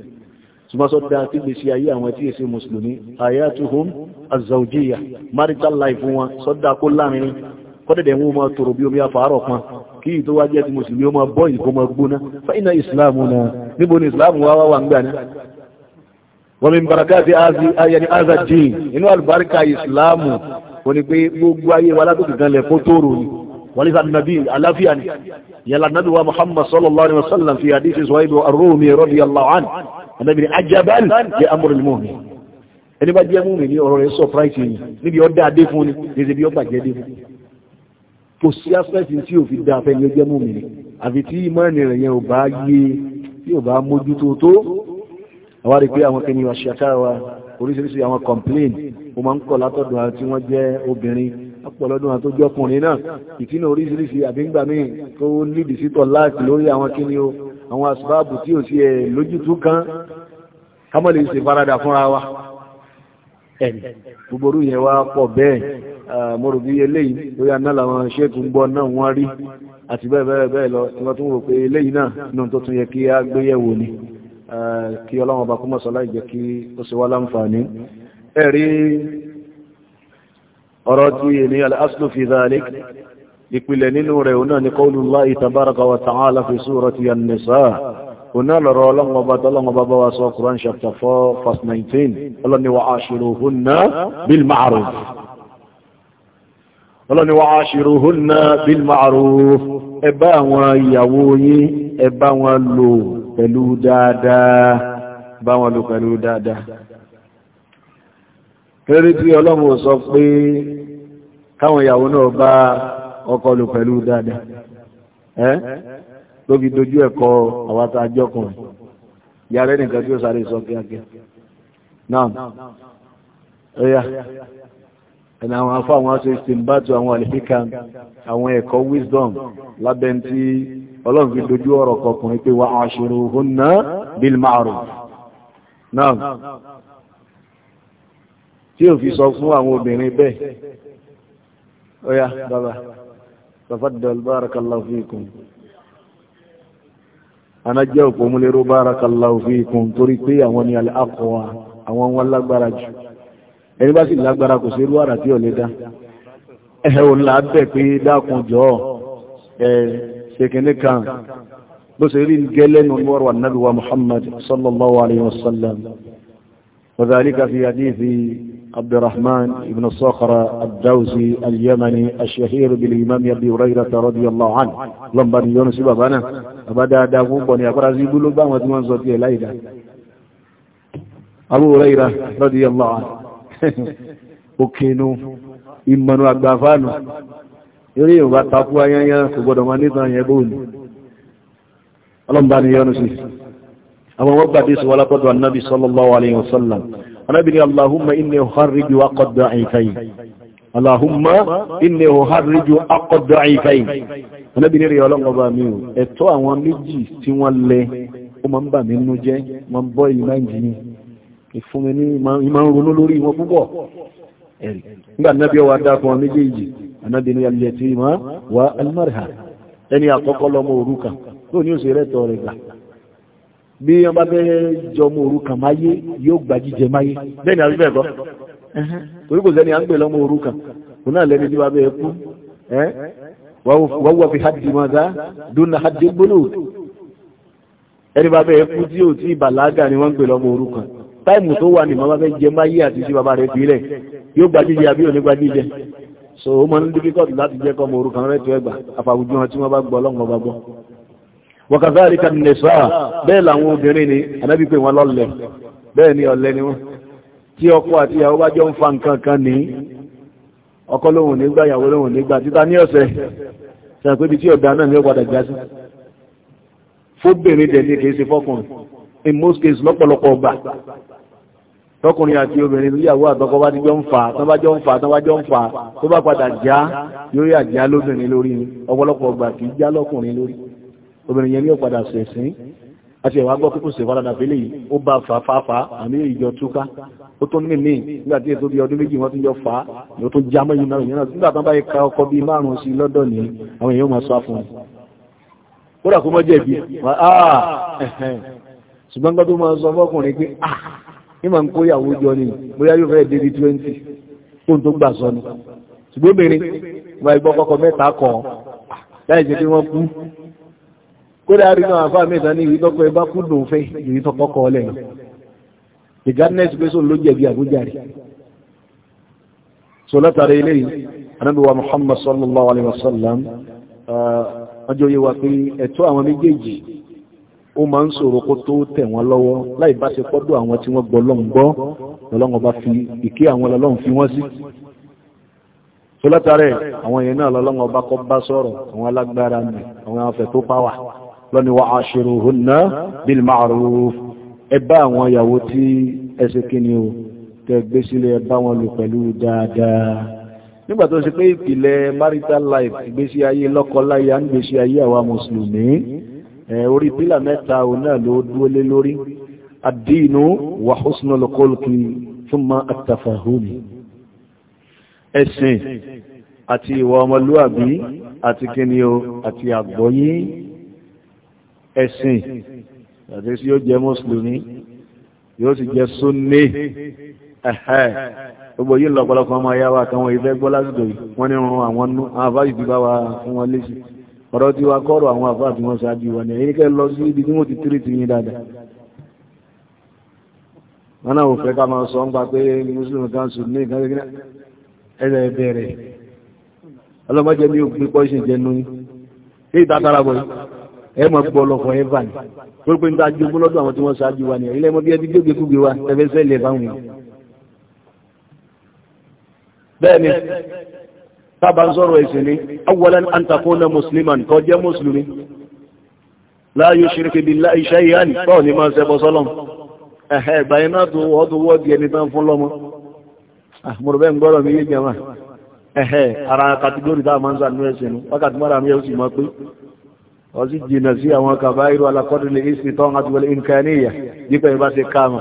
ṣùgbọ́n sọ́dá tí lè ṣe ayé àwọn tí èsì mùsùlùmí ayatuhum azawjiya marital life wọn sọ́dá kó láàrin kọ́dẹ̀dẹ̀ wọn ma tòrò bí omi afárọ̀ kan kí tó wá jẹ́ ti mùsùlùmí ó ma bọ́ ìkó ma gbóná fa'ina islamu na níbo ni islamu wá wá wà ń gbàná wọ́n mi baraka ti ayẹni azajin inú albarka islamu wọ́n ni gbogbo ayé wa látòkì kan lẹ̀ fó tóòrò ni ولذا النبي على فيان يلا النبي محمد صلى الله عليه وسلم في حديث سويد الرومي رضي الله عنه àdàbìrì ajaban lè amúrò ní mọ́ọ̀mí ẹni bá jẹ́ mọ́ọ̀mí ní ọ̀rọ̀ rẹ̀ surprise yìí níbi ọ̀dà adé fún ni lèzè bí ọ̀bàjẹ́ dé fún kò sí aspect tí ò fi dá afẹ́ ni ó jẹ́ mọ́ọ̀mí ni àfi tí ìmọ̀ọ́nì rẹ̀ yẹn ò bá yé tí ò bá mójútó tó àwa rí pé àwọn kẹ́ni wa ṣàkára wa oríṣiríṣi àwọn complain mo máa ń kọ̀ látọ̀dọ̀ àwọn tí wọ́n jẹ́ obìnrin ọ̀pọ̀lọ́dún àti ojú ọkùnrin náà ìtínà oríṣiríṣi àbígbàmí tó nídìí sítọ̀ láti lórí àwọn kíni o àwọn asibáàbù tí ò sí ẹ̀ lójútú kan kámọ́ lè ṣe farada fúnra wa ẹ̀rì gbogbo yẹn wá pọ̀ bẹ́ẹ̀ mo rò bí eléyìí lórí aná làwọn ṣéèkù ń gbọ́ náà wọ́n rí àti bẹ́ẹ̀ bẹ́ẹ̀ bẹ́ẹ̀ lọ tí wọ́n tún wò pé eléyìí náà ìpìlẹ̀ nínú rẹ̀ òun náà ni qaulullahi tabaraka wa ta'ala fi surati an-nisa òun náà lọ́rọ̀ ọlọ́mọba tọ́lọ́mọba bá wa sọ Quran chapter four verse nineteen ọlọ́ni wa ashiruhunna bil ma'ruf ọlọ́ni wa ashiruhunna bil ma'ruf ẹ bá àwọn ìyàwó yín ẹ wọn lò pẹ̀lú dáadáa bá tí ọlọ́mọ sọ pé káwọn ìyàwó náà bá ọkọ̀ lò pẹ̀lú dáadáa ẹ́ ló fi dojú ẹ̀kọ́ àwọn àjọkùnrin ìyá rẹ̀ nìkan tí ó sáré sọ kíákíá náà ẹ̀yà ẹ̀nà àwọn afọ́ àwọn aṣọ ìsìnbátu àwọn àlèfíkà àwọn ẹ̀kọ́ wisdom lábẹ́ tí ọlọ́run fi dojú ọ̀rọ̀ kọkùnrin pé wa ashiruhunna bil ma'ruf náà tí ò fi sọ fún àwọn obìnrin bẹ́ẹ̀ ọ̀yà bàbá. تفضل بارك الله فيكم أنا جاوب ومليرو بارك الله فيكم تريكي أوني الأقوى أوان والله بارك ẹni bá sì lágbára kò sí irú àrà tí ò lè dá ẹ̀hẹ́ òun là á bẹ̀ pé dákun jọ ẹ̀ ṣèkínní kan bó ṣe rí gẹ́lẹ́nu lọ́rọ̀ ànábì wa Muhammad sallallahu alayhi wa sallam wa dhalika fi hadithi عبد الرحمن بن صخرة الدوسي اليمني الشهير بالإمام أبي هريرة رضي الله عنه لما يونس بابانا أبدا داوود بني أبرازي بلو بام وتمان زوتي ليلى أبو هريرة رضي الله عنه وكينو إمانو أغبافانو يري يوبا تاكو أيانيا كبودو مانيتا يبون اللهم بني يونس أبو وقبا ديس ولا قدوى النبي صلى الله عليه وسلم anábìnrin allahumma inni uharriju akọ̀dọ̀ àìfẹ́yìn allahumma inni uharriju akọ̀dọ̀ àìfẹ́yìn anábìnrin rẹ̀ ọlọ́ngọba mi ò ẹ̀tọ́ àwọn méjì tí wọ́n lẹ ó máa ń bà mí nínú jẹ́ wọ́n bọ́ ìlú máa ń jìnnì ìfúnmi ní ìmọ̀ ń ronú lórí wọn púpọ̀ ẹ̀rì nígbà nábì ọwà dákun wọn méjèèjì anábìnrin alẹ́tì ma wa almarha ẹni àkọ́kọ́ lọ́mọ òrukàn tó ní òṣèré rẹ̀ gbà bí wọ́n bá bẹ́ẹ̀ jọ ọmọ òrukàn máyé yóò gba jíjẹ máyé bẹ́ẹ̀ ni àbí bẹ́ẹ̀ kọ́ torí kò sẹ́ni à ń pè lọ́mọ òrukàn kò náà lẹ́ni tí wọ́n bẹ́ẹ̀ kú wọ́n wọ́n fi hajj mọ́ta dúnà hajj gbólóò ẹni bá bẹ́ẹ̀ kú tí ò tí bàlágà ni wọ́n ń pè lọ́mọ òrukàn táìmù tó wà ní ma bá jẹ máyé àti sí bàbá rẹ̀ fílẹ̀ yóò gba àbí òní gba so ó mọ ní dífíkọ̀tì láti jẹ́ kọ́ ọmọ òrukàn rẹ̀ tó ẹgbà àfàwùjọ tí wọ́n bá gbọ́ ọlọ́mọ bá gbọ́ wọ̀kàzáríkà nìsá bẹ́ẹ̀ làwọn obìnrin ni anábí pé wọn lọ́lẹ̀ bẹ́ẹ̀ ni ọ̀lẹ ni wọ́n tí ọkọ àti ìyàwó bá jọ ń fa nǹkan kan ní ọkọ lóhùn nígbà ìyàwó lóhùn nígbà títa ní ọ̀sẹ̀ sàpé bí tí ọ̀dà náà ní ọ̀padà já sí fóbìnrin dẹ̀ ní kìí ṣe fọ́kùnrin in most cases lọ́pọ̀lọpọ̀ ọgbà tọkùnrin àti obìnrin níyàwó àtọkọ bá jọ ń fà tán bá jọ ń fà tán bá jọ ń fà tó bá padà já yóò yà já lóbìnrin lórí ọ̀pọ̀lọpọ̀ ọgbà kìí já lọ́kùnrin lórí obìnrin yẹn ní ọ̀padà sẹ̀sìn àti ẹ̀wà gbọ́ pípò sí ìfaradà fẹ́lẹ̀ yìí ó bá fà fà fà àmì ìjọ túká ó tún ní ní nígbà tí ètò bí ọdún méjì wọ́n ti jọ fà á ni ó tún já mọ́ yìí náà yìí náà bá ka ọkọ bíi márùn-ún sí lọ́dọ̀ ní àwọn èèyàn máa sọ fún un kódà kó mọ́ jẹ̀bi ṣùgbọ́n gbọ́dọ̀ máa sọ fọ́kùnrin pé ah ní màá ń kó ìyàwó jọ ni bóyá yóò fẹ́ẹ́ débi twenty kó n tó gbà sọ ni ṣùgbọ́n obìnrin wọ́n ẹgbọ́ kódà rí náà àfáà mẹ́ta ní ìwé tọ́kọ ẹbá kú dùn fẹ́ ìwé tọ́kọ kọ ọlẹ́ náà the gardener's person ló jẹ̀bi àbújá rẹ̀ so látara ilé anábíwá muhammad sallallahu alaihi wasallam ọjọ́ yẹ wa pé ẹ̀tọ́ àwọn méjèèjì ó máa ń ṣòro kó tó tẹ̀ wọ́n lọ́wọ́ láì bá ṣe pọ́dọ̀ àwọn tí wọ́n gbọ́ lọ́n gbọ́ lọ́lọ́n àwọn lọ́lọ́n náà lọ́lọ́n ọba kọ́ bá sọ̀rọ̀ àwọn alágbára àwọn afẹ́ tó pàwà lọ́ni wa ashiruhunna bil ma'ruf ẹ bá àwọn ìyàwó tí ẹsẹ̀ kíni o tẹ́ gbé sílẹ̀ ẹ bá wọn lò pẹ̀lú dáadáa nígbà tó ṣe pé ìpìlẹ̀ marital life ìgbésí ayé lọ́kọláya ń gbésí ayé àwa mùsùlùmí orí pílà mẹ́ta òun náà ló dúró lé lórí ad-dinu wa husnul khulqi thumma at-tafahum àti ìwà ọmọlúwàbí àti kíni o àti àgbọ́yé ẹ̀sìn àti sí yóò jẹ́ mùsùlùmí yóò sì jẹ́ súnné gbogbo yìí lọ́pọ̀lọpọ̀ ọmọ ayáwà àtàwọn ìfẹ́ gbọ́ lásìkò yìí wọ́n ní rún àwọn àfáàjì ti bá wa fún wọn léṣe ọ̀rọ̀ tí wa kọ́rọ̀ àwọn àfáàjì wọn ṣáájú wọn ní ẹ̀yìn kẹ́ lọ sí ibi tí wọ́n ti tírì ti yín dáadáa wọn náà ò fẹ́ ká máa sọ ń gba pé mùsùlùmí kan sùn ní ìkan kékeré ẹ̀rẹ̀ bẹ̀rẹ̀ ọlọ́mọdé mi ò gbé pọ́ṣìn jẹnu yìí ẹ mọ̀ gbọ́ lọ forever ni tó pé ń ta jogún àwọn tí wọ́n ṣáájú wa nìyẹn ilé ẹmọ bí ẹbí gbégbé kúgbé wa ẹfẹ́ sẹ́lẹ̀ báwọn yìí. tábà ń ni awwalan an musulman musliman kó jẹ́ mùsùlùmí ni náà tó wọ́n tó wọ́ di ẹni tán fún lọ́mọ ah, bẹ́ẹ̀ ń mi yé jẹ́ ara a máa ń sànú ẹ̀sìn nu wákàtí mọ́ra mi yẹ́ ó sì máa wọ́n sì jìnà sí àwọn kàbá irú alákọ́dúnlẹ̀ ìsìtọ́ àti wọlé ìmkàníyà nípa ìbá ṣe káàmù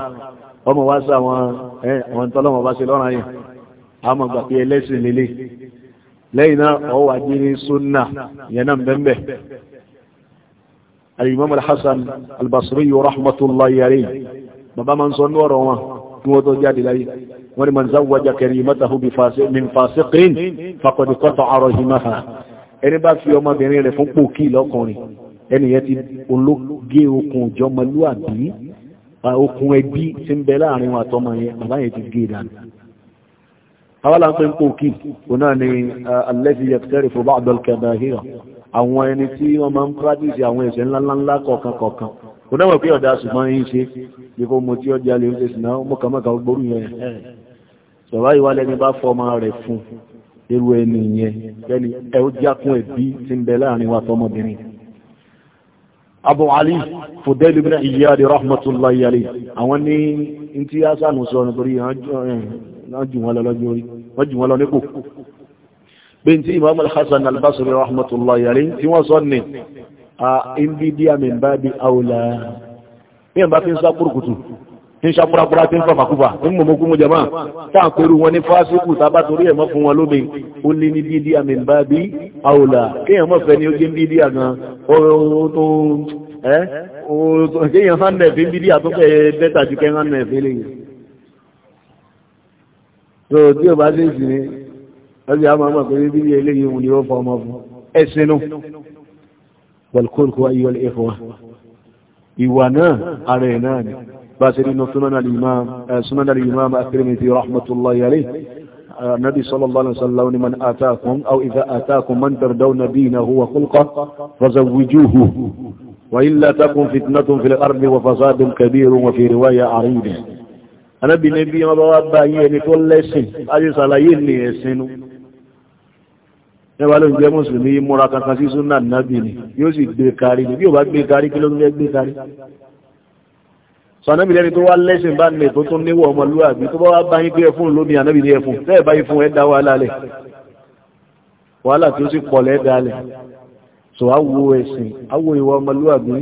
ọmọ wá sí àwọn tọ́lọ́mọ̀ bá ṣe lọ́rọ̀ yẹn àmọ́ gbà pé ẹlẹ́sìn lélẹ̀ lẹ́yìn náà ọwọ́ wà jírí súnà yẹn náà bẹ́ẹ̀ alimami alhassan albasri yóò rahmatullahi alayhi bàbá máa ń sọ nọ́ọ̀rọ̀ wọn kí wọ́n tó man zawwaja karimatahu bi fasiqin faqad qata'a rahimaha ẹni bá fi ọmọbìnrin rẹ̀ fún pòkì lọ́kùnrin ẹni yẹn ti ológe okùn ìjọmọlúàbí okùn ẹbí tí ń bẹ láàrin wọn àtọmọ yẹn bàbá yẹn ti gé e dànù àwọn láńpẹ́ ń pòkì ọ̀nà ni alẹ́fi yẹtẹ́rì fún bá àdọ́lù kẹbàáhìrà àwọn ẹni tí wọ́n máa ń pàdísì àwọn ẹ̀ṣẹ̀ ńláńlá kọ̀ọ̀kan kọ̀ọ̀kan ọ̀nà wọ̀ pé ọ̀dà ṣùgbọ́n yìí ṣe bí kò mo tí ọjà lè ń ṣe sìnà mọ́kànmọ́kà bá fọ́ ọmọ irú ẹni yẹn lẹ́ni ẹ ó jákún ẹ̀bí tí ń bẹ láàrin wa sọmọbìnrin abu ali fudel ibn iyad rahmatullahi alayhi àwọn ní ntí asanu sọ nítorí eh, wọ́n jù wọ́n lọ lọ́jọ́ orí wọ́n jù wọ́n lọ nípò bí tí imam al-hassan al tí ń ṣapúrapúra tí ń fà màkúfà ń mọ̀mọ́ kú mu jama fáà pẹ̀lú wọn ní fásitì tàbá torí ẹ̀mọ́ fún wọn lóbi ó lé ní bídí àmì bá bí àwòlà kéèyàn mọ̀ fẹ́ ni ó gé bídí àgàn ó tó ẹ́ kéèyàn hàn nẹ̀ fi bídí àtúnfẹ́ bẹ́tà ju kẹ́ hàn nẹ̀ fi lè yẹn. tó tí o bá dé sí ni ọjọ́ àwọn ọmọ pé bídí eléyìí òun ni ó fọ ọmọ fún ẹ̀sìn nù wọ̀lùkọ́lùkọ́ ìwà náà ara náà ni. باسرين سنن الإمام آه، سنن الإمام الترمذي رحمة الله عليه آه، النبي صلى الله عليه وسلم من آتاكم أو إذا آتاكم من تردون دينه وخلقه فزوجوه وإلا تكن فتنة في الأرض وفساد كبير وفي رواية عريضة أنا بنبي ما بواب بايين يعني كل سن أجي صلاين يسنو ẹwà ló ń jẹ́ mùsùlùmí múra kankan sí súnà nàbì ni yóò sì gbé sànàbì lẹ́ni tó wá lẹ́sìn bá nẹ̀ tó tún níwọ̀ ọmọlúwàbí tó bá wá bá yín pé ẹfún lónìí ànábì ní ẹfún tẹ́ẹ̀ bá yín fún ẹ dá wàhálà lẹ̀ wàhálà tó sì pọ̀ lẹ́ dálẹ̀ so awo ẹ̀sìn awo ìwà ọmọlúwàbí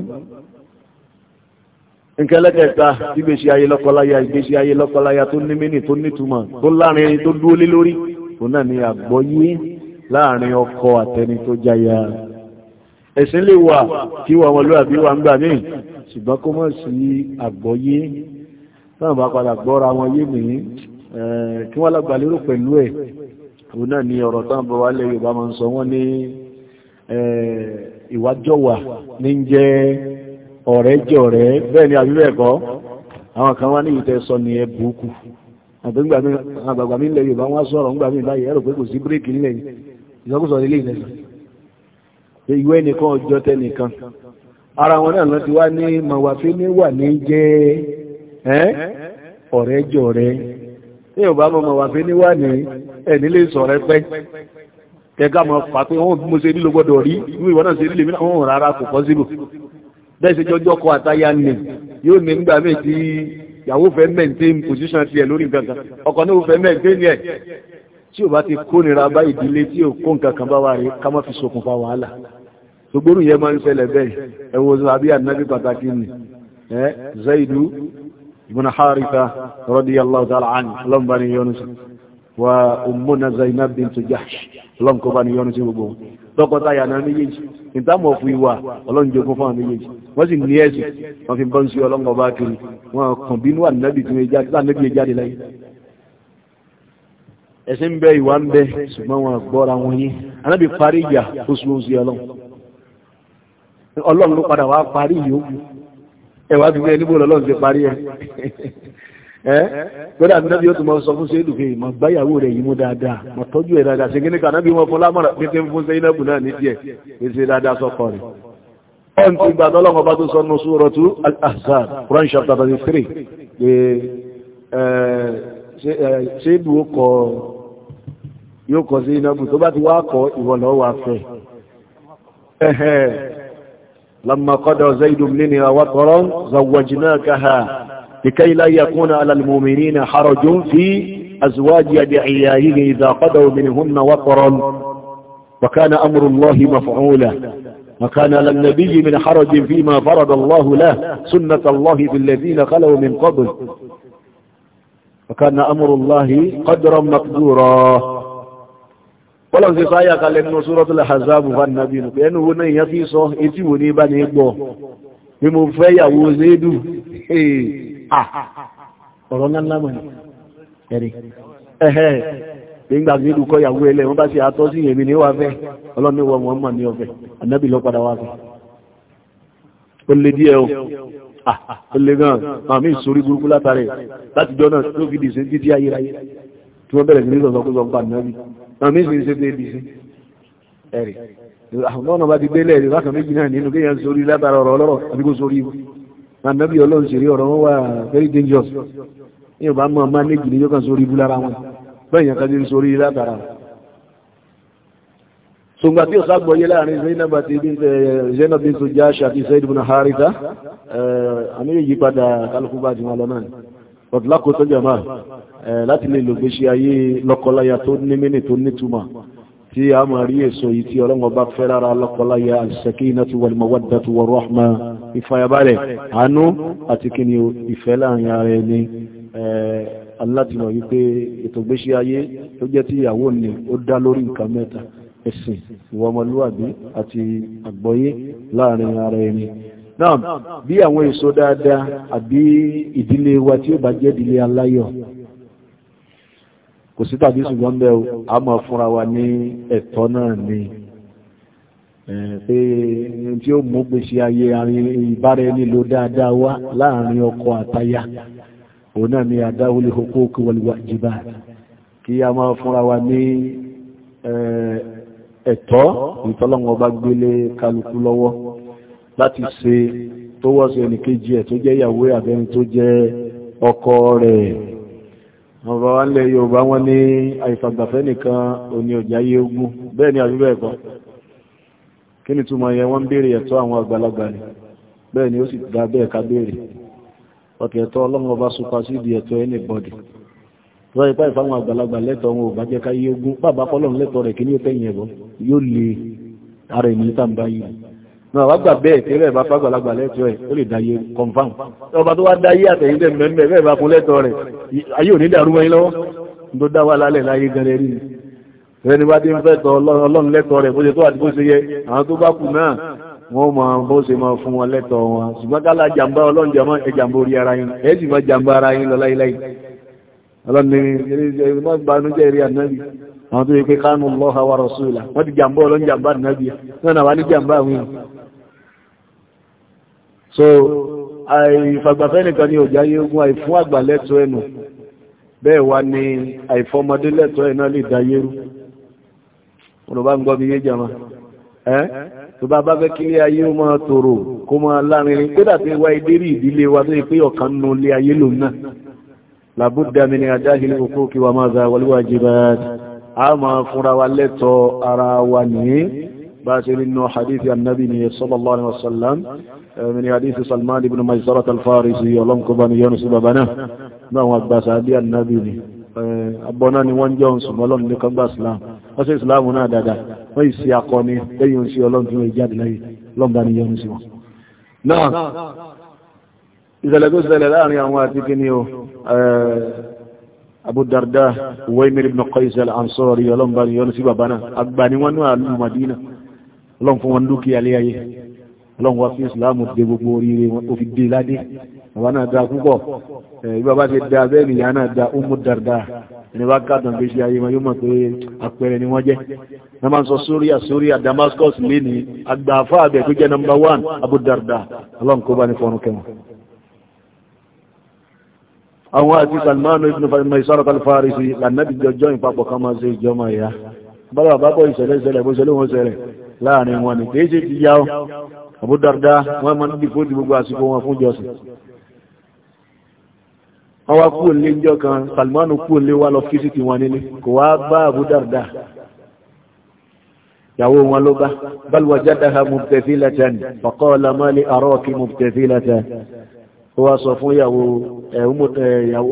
nkẹlẹ́kẹta ìgbésí ayé lọ́kọláya ìgbésí ayé lọ́kọláya tó ní mínì tó nítumọ̀ tó láàrin tó dúó lé lórí tó náà ni àgbọ́yé láàrin ọkọ àtẹni tó jáya ẹ̀sìn lè wà kí wà ọmọlúwàbí wà ń gbà míì ṣùgbọ́n kó mọ̀ sí àgbọ́yé náà bá padà gbọ́ra wọn yé mi kí wọ́n lágbà lérò pẹ̀lú ẹ̀ òun náà ni ọ̀rọ̀ tán bọ̀ wálẹ̀ Yorùbá máa ń sọ wọ́n ní ìwájọ́wà ní jẹ́ ọ̀rẹ́ jẹ́ ọ̀rẹ́ bẹ́ẹ̀ ni àbí bẹ́ẹ̀ kọ́ àwọn kan wá ní ìtẹ́ sọ ní ẹbù kù àgbàgbà mi ilẹ̀ Yorùbá wọ́n sọ̀rọ̀ ńgbà mi báyìí ẹ̀rọ pé ara wọn náà ti wá ní màwàfí ní wà ní jẹ́ ọ̀rẹ́ jọ̀rẹ́ ní ọba mọ màwàfí ní wà ní ẹni lè sọ̀rẹ́ pẹ́ kẹgá mọ fà pé wọn mo ṣe nílò gbọdọ̀ rí ìwọ náà ṣe nílò mi náà wọn rárá kò pọ́síbù bẹ́ẹ̀ ṣe jọjọ́ kọ àtayá nì yóò ní nígbà míì tí ìyàwó fẹ́ maintain position tiẹ̀ lórí gangan ọkọ náà fẹ́ maintain ẹ̀ tí ò bá ti kónira bá ìdílé tí ò kó nǹkan kan bá wà rí ká má fi ṣokùnfà wàhálà ṣùgbọ́n yẹn máa ń ṣẹlẹ̀ bẹ́ẹ̀ ẹwọ sàbí ànábì pàtàkì ni ẹ zaidu ibn haritha radiyallahu ta'ala anhu ọlọ́mbà ni yọnu sí wa ummuna zainab bint jahsh ọlọ́mkọba ni yọnu sí gbogbo tọkọtaya náà méjèèjì ìtàmọ̀ fún ìwà ọlọ́njẹ fún fáwọn méjèèjì wọ́n sì ní ẹ̀sì wọ́n fi bọ́n sí ọlọ́mọba kiri wọ́n kàn bínú ànábì tí wọ́n jáde láyé ẹ̀sìn bẹ́ ìwà ń bẹ́ ṣùgbọ́n wọn gbọ́ra wọn yín ànábì parí ìyà oṣù oṣù ọlọ́run ọlọ́run ló padà wá parí yòókù ẹ̀wà fi fẹ́ níbo lọ́lọ́run ti parí ẹ̀ ẹ́ gbọ́dọ̀ àbínábí ó tún mọ sọ fún sẹ́dù pé mọ gbáyàwó rẹ̀ yìí mú dáadáa mọ tọ́jú ẹ̀ dáadáa ṣègbè nìkan náà bí wọ́n fún lámọ̀ràn pé tẹ́ ń fún sẹ́yìnàbù náà ní díẹ̀ èsì dáadáa sọ́kọ rẹ̀ ọ̀n ti gbà tọ́lọ́kọ̀ bá tó sọ nù suratu al-ahzab Quran chapter thirty three pé sẹ́dù ó kọ yóò kọ sẹ́yìnàbù tó bá ti wá kọ ìwọ afẹ́ لما قضى زيد منها وطرا زوجناكها لكي لا يكون على المؤمنين حرج في أزواج أدعيائه إذا قضوا منهن وطرا وكان أمر الله مفعولا وكان للنبي من حرج فيما فرض الله له سنة الله في الذين خلوا من قبل وكان أمر الله قدرا مقدورا bọ́lọ̀n ti sáyà kalẹ̀ nínú suratul Ahzab bá nàbí nù pé ẹnu wo náà ìyẹn fi sọ etí wo ní bá ní gbọ́ bí mo fẹ́ yàwó zédù ọ̀rọ̀ ńlá mọ̀ ẹ̀rí ẹ̀hẹ́ nígbà zédù kọ́ yàwó ẹlẹ́ wọ́n bá sì àtọ́ sí èmi ní wàfẹ́ ọlọ́ni wọn mọ̀ ní ọ̀fẹ́ ànábì lọ padà wàfẹ́ ó lé díẹ̀ o ó lé gan àmì ìsorí burúkú látàrí láti jọ náà tó fi dìse títí ayérayé tí wọ́n bẹ̀rẹ̀ sí ní sọ̀sọ́kú sọ àwọn méjì ń ṣe pé I sí ẹ̀rì lọ́nà bá ti gbélé ẹ̀rì bákan méjì náà nínú kéèyàn sórí látara ọ̀rọ̀ ọlọ́rọ̀ àbí kó sórí ibú ànábì ọlọ́run ṣèrí ọ̀rọ̀ wọn wà very dangerous ní ọba mọ́ ọmọ méjì ní yóò kàn sórí ibú lára wọn bẹ́ẹ̀ yẹn kájú sórí látara sùgbà tí ó sáàgbọ̀yé láàrin Zainab àti eh, Zainab bin Sujash àti Said ibn Haritha eh, àmì yípadà kálukú bá ti wọn lọ náà but lákòótọ́ jàmá ẹ̀ láti lè lò gbéṣẹ́ ayé lọ́kọláya tó ní mínì tó nítumọ̀ tí a máa rí èso yìí tí ọlọ́wọ́ bá fẹ́ rárá lọ́kọláya as-sakinatu wal-mawaddatu war-rahma ìfàyàbálẹ̀ àánú àti kíni ìfẹ́ láàrin ara ẹni alátìmọ̀ náà bí àwọn èso dáadáa àbí ìdílé wa tí ó bá jẹ́ ìdílé aláyọ̀ kò sí tàbí ṣùgbọ́n bẹ́ẹ̀ a máa fúnra wa ní ẹ̀tọ́ náà ni pé tí ó mú gbèsè ayé ìbára ẹni lò dáadáa wá láàrin ọkọ àtaya òun náà ni àdáwọlé huquq wal wajibat kí a máa fúnra wa ní ẹ̀tọ́ ìtọ́lọ́wọ́ bá gbélé kálukú lọ́wọ́ láti ṣe tó wọ́sí ẹnìkejì ẹ̀ tó jẹ́ ìyàwó tó ọkọ rẹ̀ ọba wa nílẹ̀ wọn ní àìfàgbàfẹ́ nìkan òní ọjà ogun bẹ́ẹ̀ ni àbíbẹ̀ ẹ̀kọ́ kí ni túmọ̀ yẹn wọ́n ń ẹ̀tọ́ àwọn àgbàlagbà ni bẹ́ẹ̀ ni ó sì dá bẹ́ẹ̀ ká béèrè ọ̀kẹ́ ẹ̀tọ́ ọlọ́run ọba sopa sí ibi ẹ̀tọ́ ẹni bọ́dì àgbàlagbà náà wá gbà bẹ́ẹ̀ tí ẹ̀rẹ́ bá fàgbàlagbà lẹ́tọ́ ẹ̀ ó lè dáyé confam ọba tó wá dáyé àtẹ̀yìndẹ̀ mẹ́mẹ́ bẹ́ẹ̀ bá fún lẹ́tọ́ rẹ̀ ayé òní dàrú wọ́n yín lọ́wọ́ tó dá wà lálẹ̀ láyé gẹrẹ rí ẹni bá dé ń fẹ́ tọ ọlọ́run lẹ́tọ́ rẹ̀ bó ṣe tó àti bó ṣe yẹ àwọn tó bá kù náà wọ́n mọ bó ṣe máa fún wọn lẹ́tọ́ wọn ṣùgbọ́n kálá jàǹbá ọlọ́run jàmọ́ ẹ jàǹbá orí ara yín ẹ sì máa jàǹbá ara yín lọ láíláí ọlọ́run ní ẹgbẹ́ ìbànújẹ́ eré ànábì àwọn tó yẹ pé kánú lọ́ha wa rọ̀ṣúlà wọ́n ti jàǹbá ọlọ́run jàǹbá ànábì náà wà ní jàǹbá so àìfàgbàfẹ́ nìkan ni òjá yé ogun àìfún àgbà lẹ́tọ́ ẹnu bẹ́ẹ̀ wá ní àìfọmọdé lẹ́tọ́ ẹ̀nà lè dá yérú olùbá ń gbọ́ mi yé jama ẹ́ tó bá bá fẹ́ kí ilé ayé ó máa tòrò kó máa lárinrin kódà tí wá ìdérí ìdílé wa tó yẹ pé ọ̀kan nù ilé ayé lòun náà làbúdà mi ni adáhìlì òkú kí wa máa za wọléwájú bá a máa fúnra wa lẹ́tọ̀ọ́ ara wa nìyí باشر انه حديث النبي صلى الله عليه وسلم من حديث سلمان بن ميسرة الفارسي ولنك بني يونس ببناه ما هو أباس هدي النبي أبونا نوان جونس ولن لكم بأسلام وسي إسلامنا دادا ويسي أقوني ليون سي ولن في إيجاد لي لن بني يونس نعم إذا لقوا سأل الآن يا أمواتي كنيو أبو darda waimir ibn qais al-ansari yolomba yonsi babana agbani wanu alu madina ọlọ́run fún wọn dúkìá lé ayé ọlọ́run wá sí ìsìláàmù dé gbogbo oríire wọn tó fi dé ládé bàbá náà da púpọ̀ bí bàbá ti da bẹ́ẹ̀ nìyá náà da umu darda ẹni bá kàdùn gbèsè ayé wọn yóò mọ̀ pé àpẹẹrẹ ni wọ́n jẹ́ wọ́n máa ń sọ Syria Syria Damascus lẹ́ni àgbà afá àbẹ̀ tó jẹ́ number one Abu Darda ọlọ́run kó bá ní fọ́nù kẹwọn àwọn àti Salmanu ibn Maisara al-Farisi lànà ìjọjọ́ ìpapọ̀ kan máa ṣe ìjọmọ̀ ìyá bọ́lá bàbá bọ́ ìṣẹ̀lẹ̀ ìṣẹ̀lẹ̀ bó ṣẹlẹ̀ ṣẹlẹ̀ láàrin wọn ni kìí ṣe ti yá ọ àbúdàrdá wọ́n máa ń dìbò di gbogbo àsìkò wọn fún jọsìn wọ́n wá kú òlé jọ kan Salmanu kú òlé wá lọ fíṣítì wọn nílé kò wá bá àbúdàrdá ìyàwó wọn ló bá balwajadaha mubtazilatan faqala mali araki mubtazilatan ó wá sọ fún ìyàwó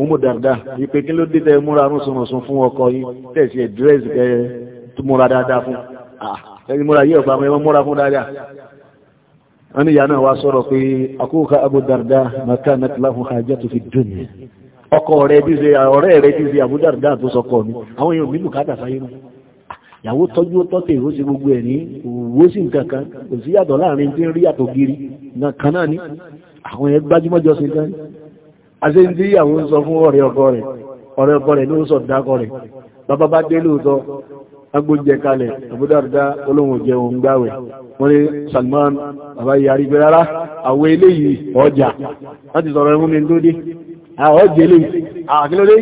ọmọdàrdá eh, eh, ìpé kí ló dìtẹ̀ múra rúnsùnrùnsùn fún ọkọ yìí tẹ̀sí ẹ̀dírẹ́sì eh, múra dáadáa fún ah ẹni múra yí ọ̀pá mẹ́wọ́n múra fún dáadáa wọ́n ni ìyá náà wá sọ̀rọ̀ pé akókò Abu Darda maka natlahu hajatu fi dunya ọkọ rẹ̀ díze ọ̀rẹ́ rẹ̀ díze Abu Darda tó sọkọ mi àwọn èèyàn nínú káàdà sáyé mọ́ ìyàwó tọ́jú ó tọ́tẹ̀ ìwó sí gbogbo ẹ̀ ní òwò sí nǹkan kan kò sí yàtọ̀ láàrin tí ń rí yàtọ̀ gírí kan náà ní àwọn ẹ̀ gbájúmọ́jọ sí kan àṣẹ ń tí ìyàwó ń sọ fún ọ̀rẹ́ ọkọ rẹ̀ ọ̀rẹ́ ọkọ rẹ̀ ló ń sọ dákọ rẹ̀ bàbá bá dé lóòótọ́ agbóúnjẹ kalẹ̀ àbúdàrdá olóhùn jẹun gbáwẹ̀ wọ́n ní Salman bàbá yàrí pé rárá àwọ eléyìí ọjà láti sọ̀rọ̀ ẹ̀mú mi lóde àwọn ọjà eléyìí àkílódé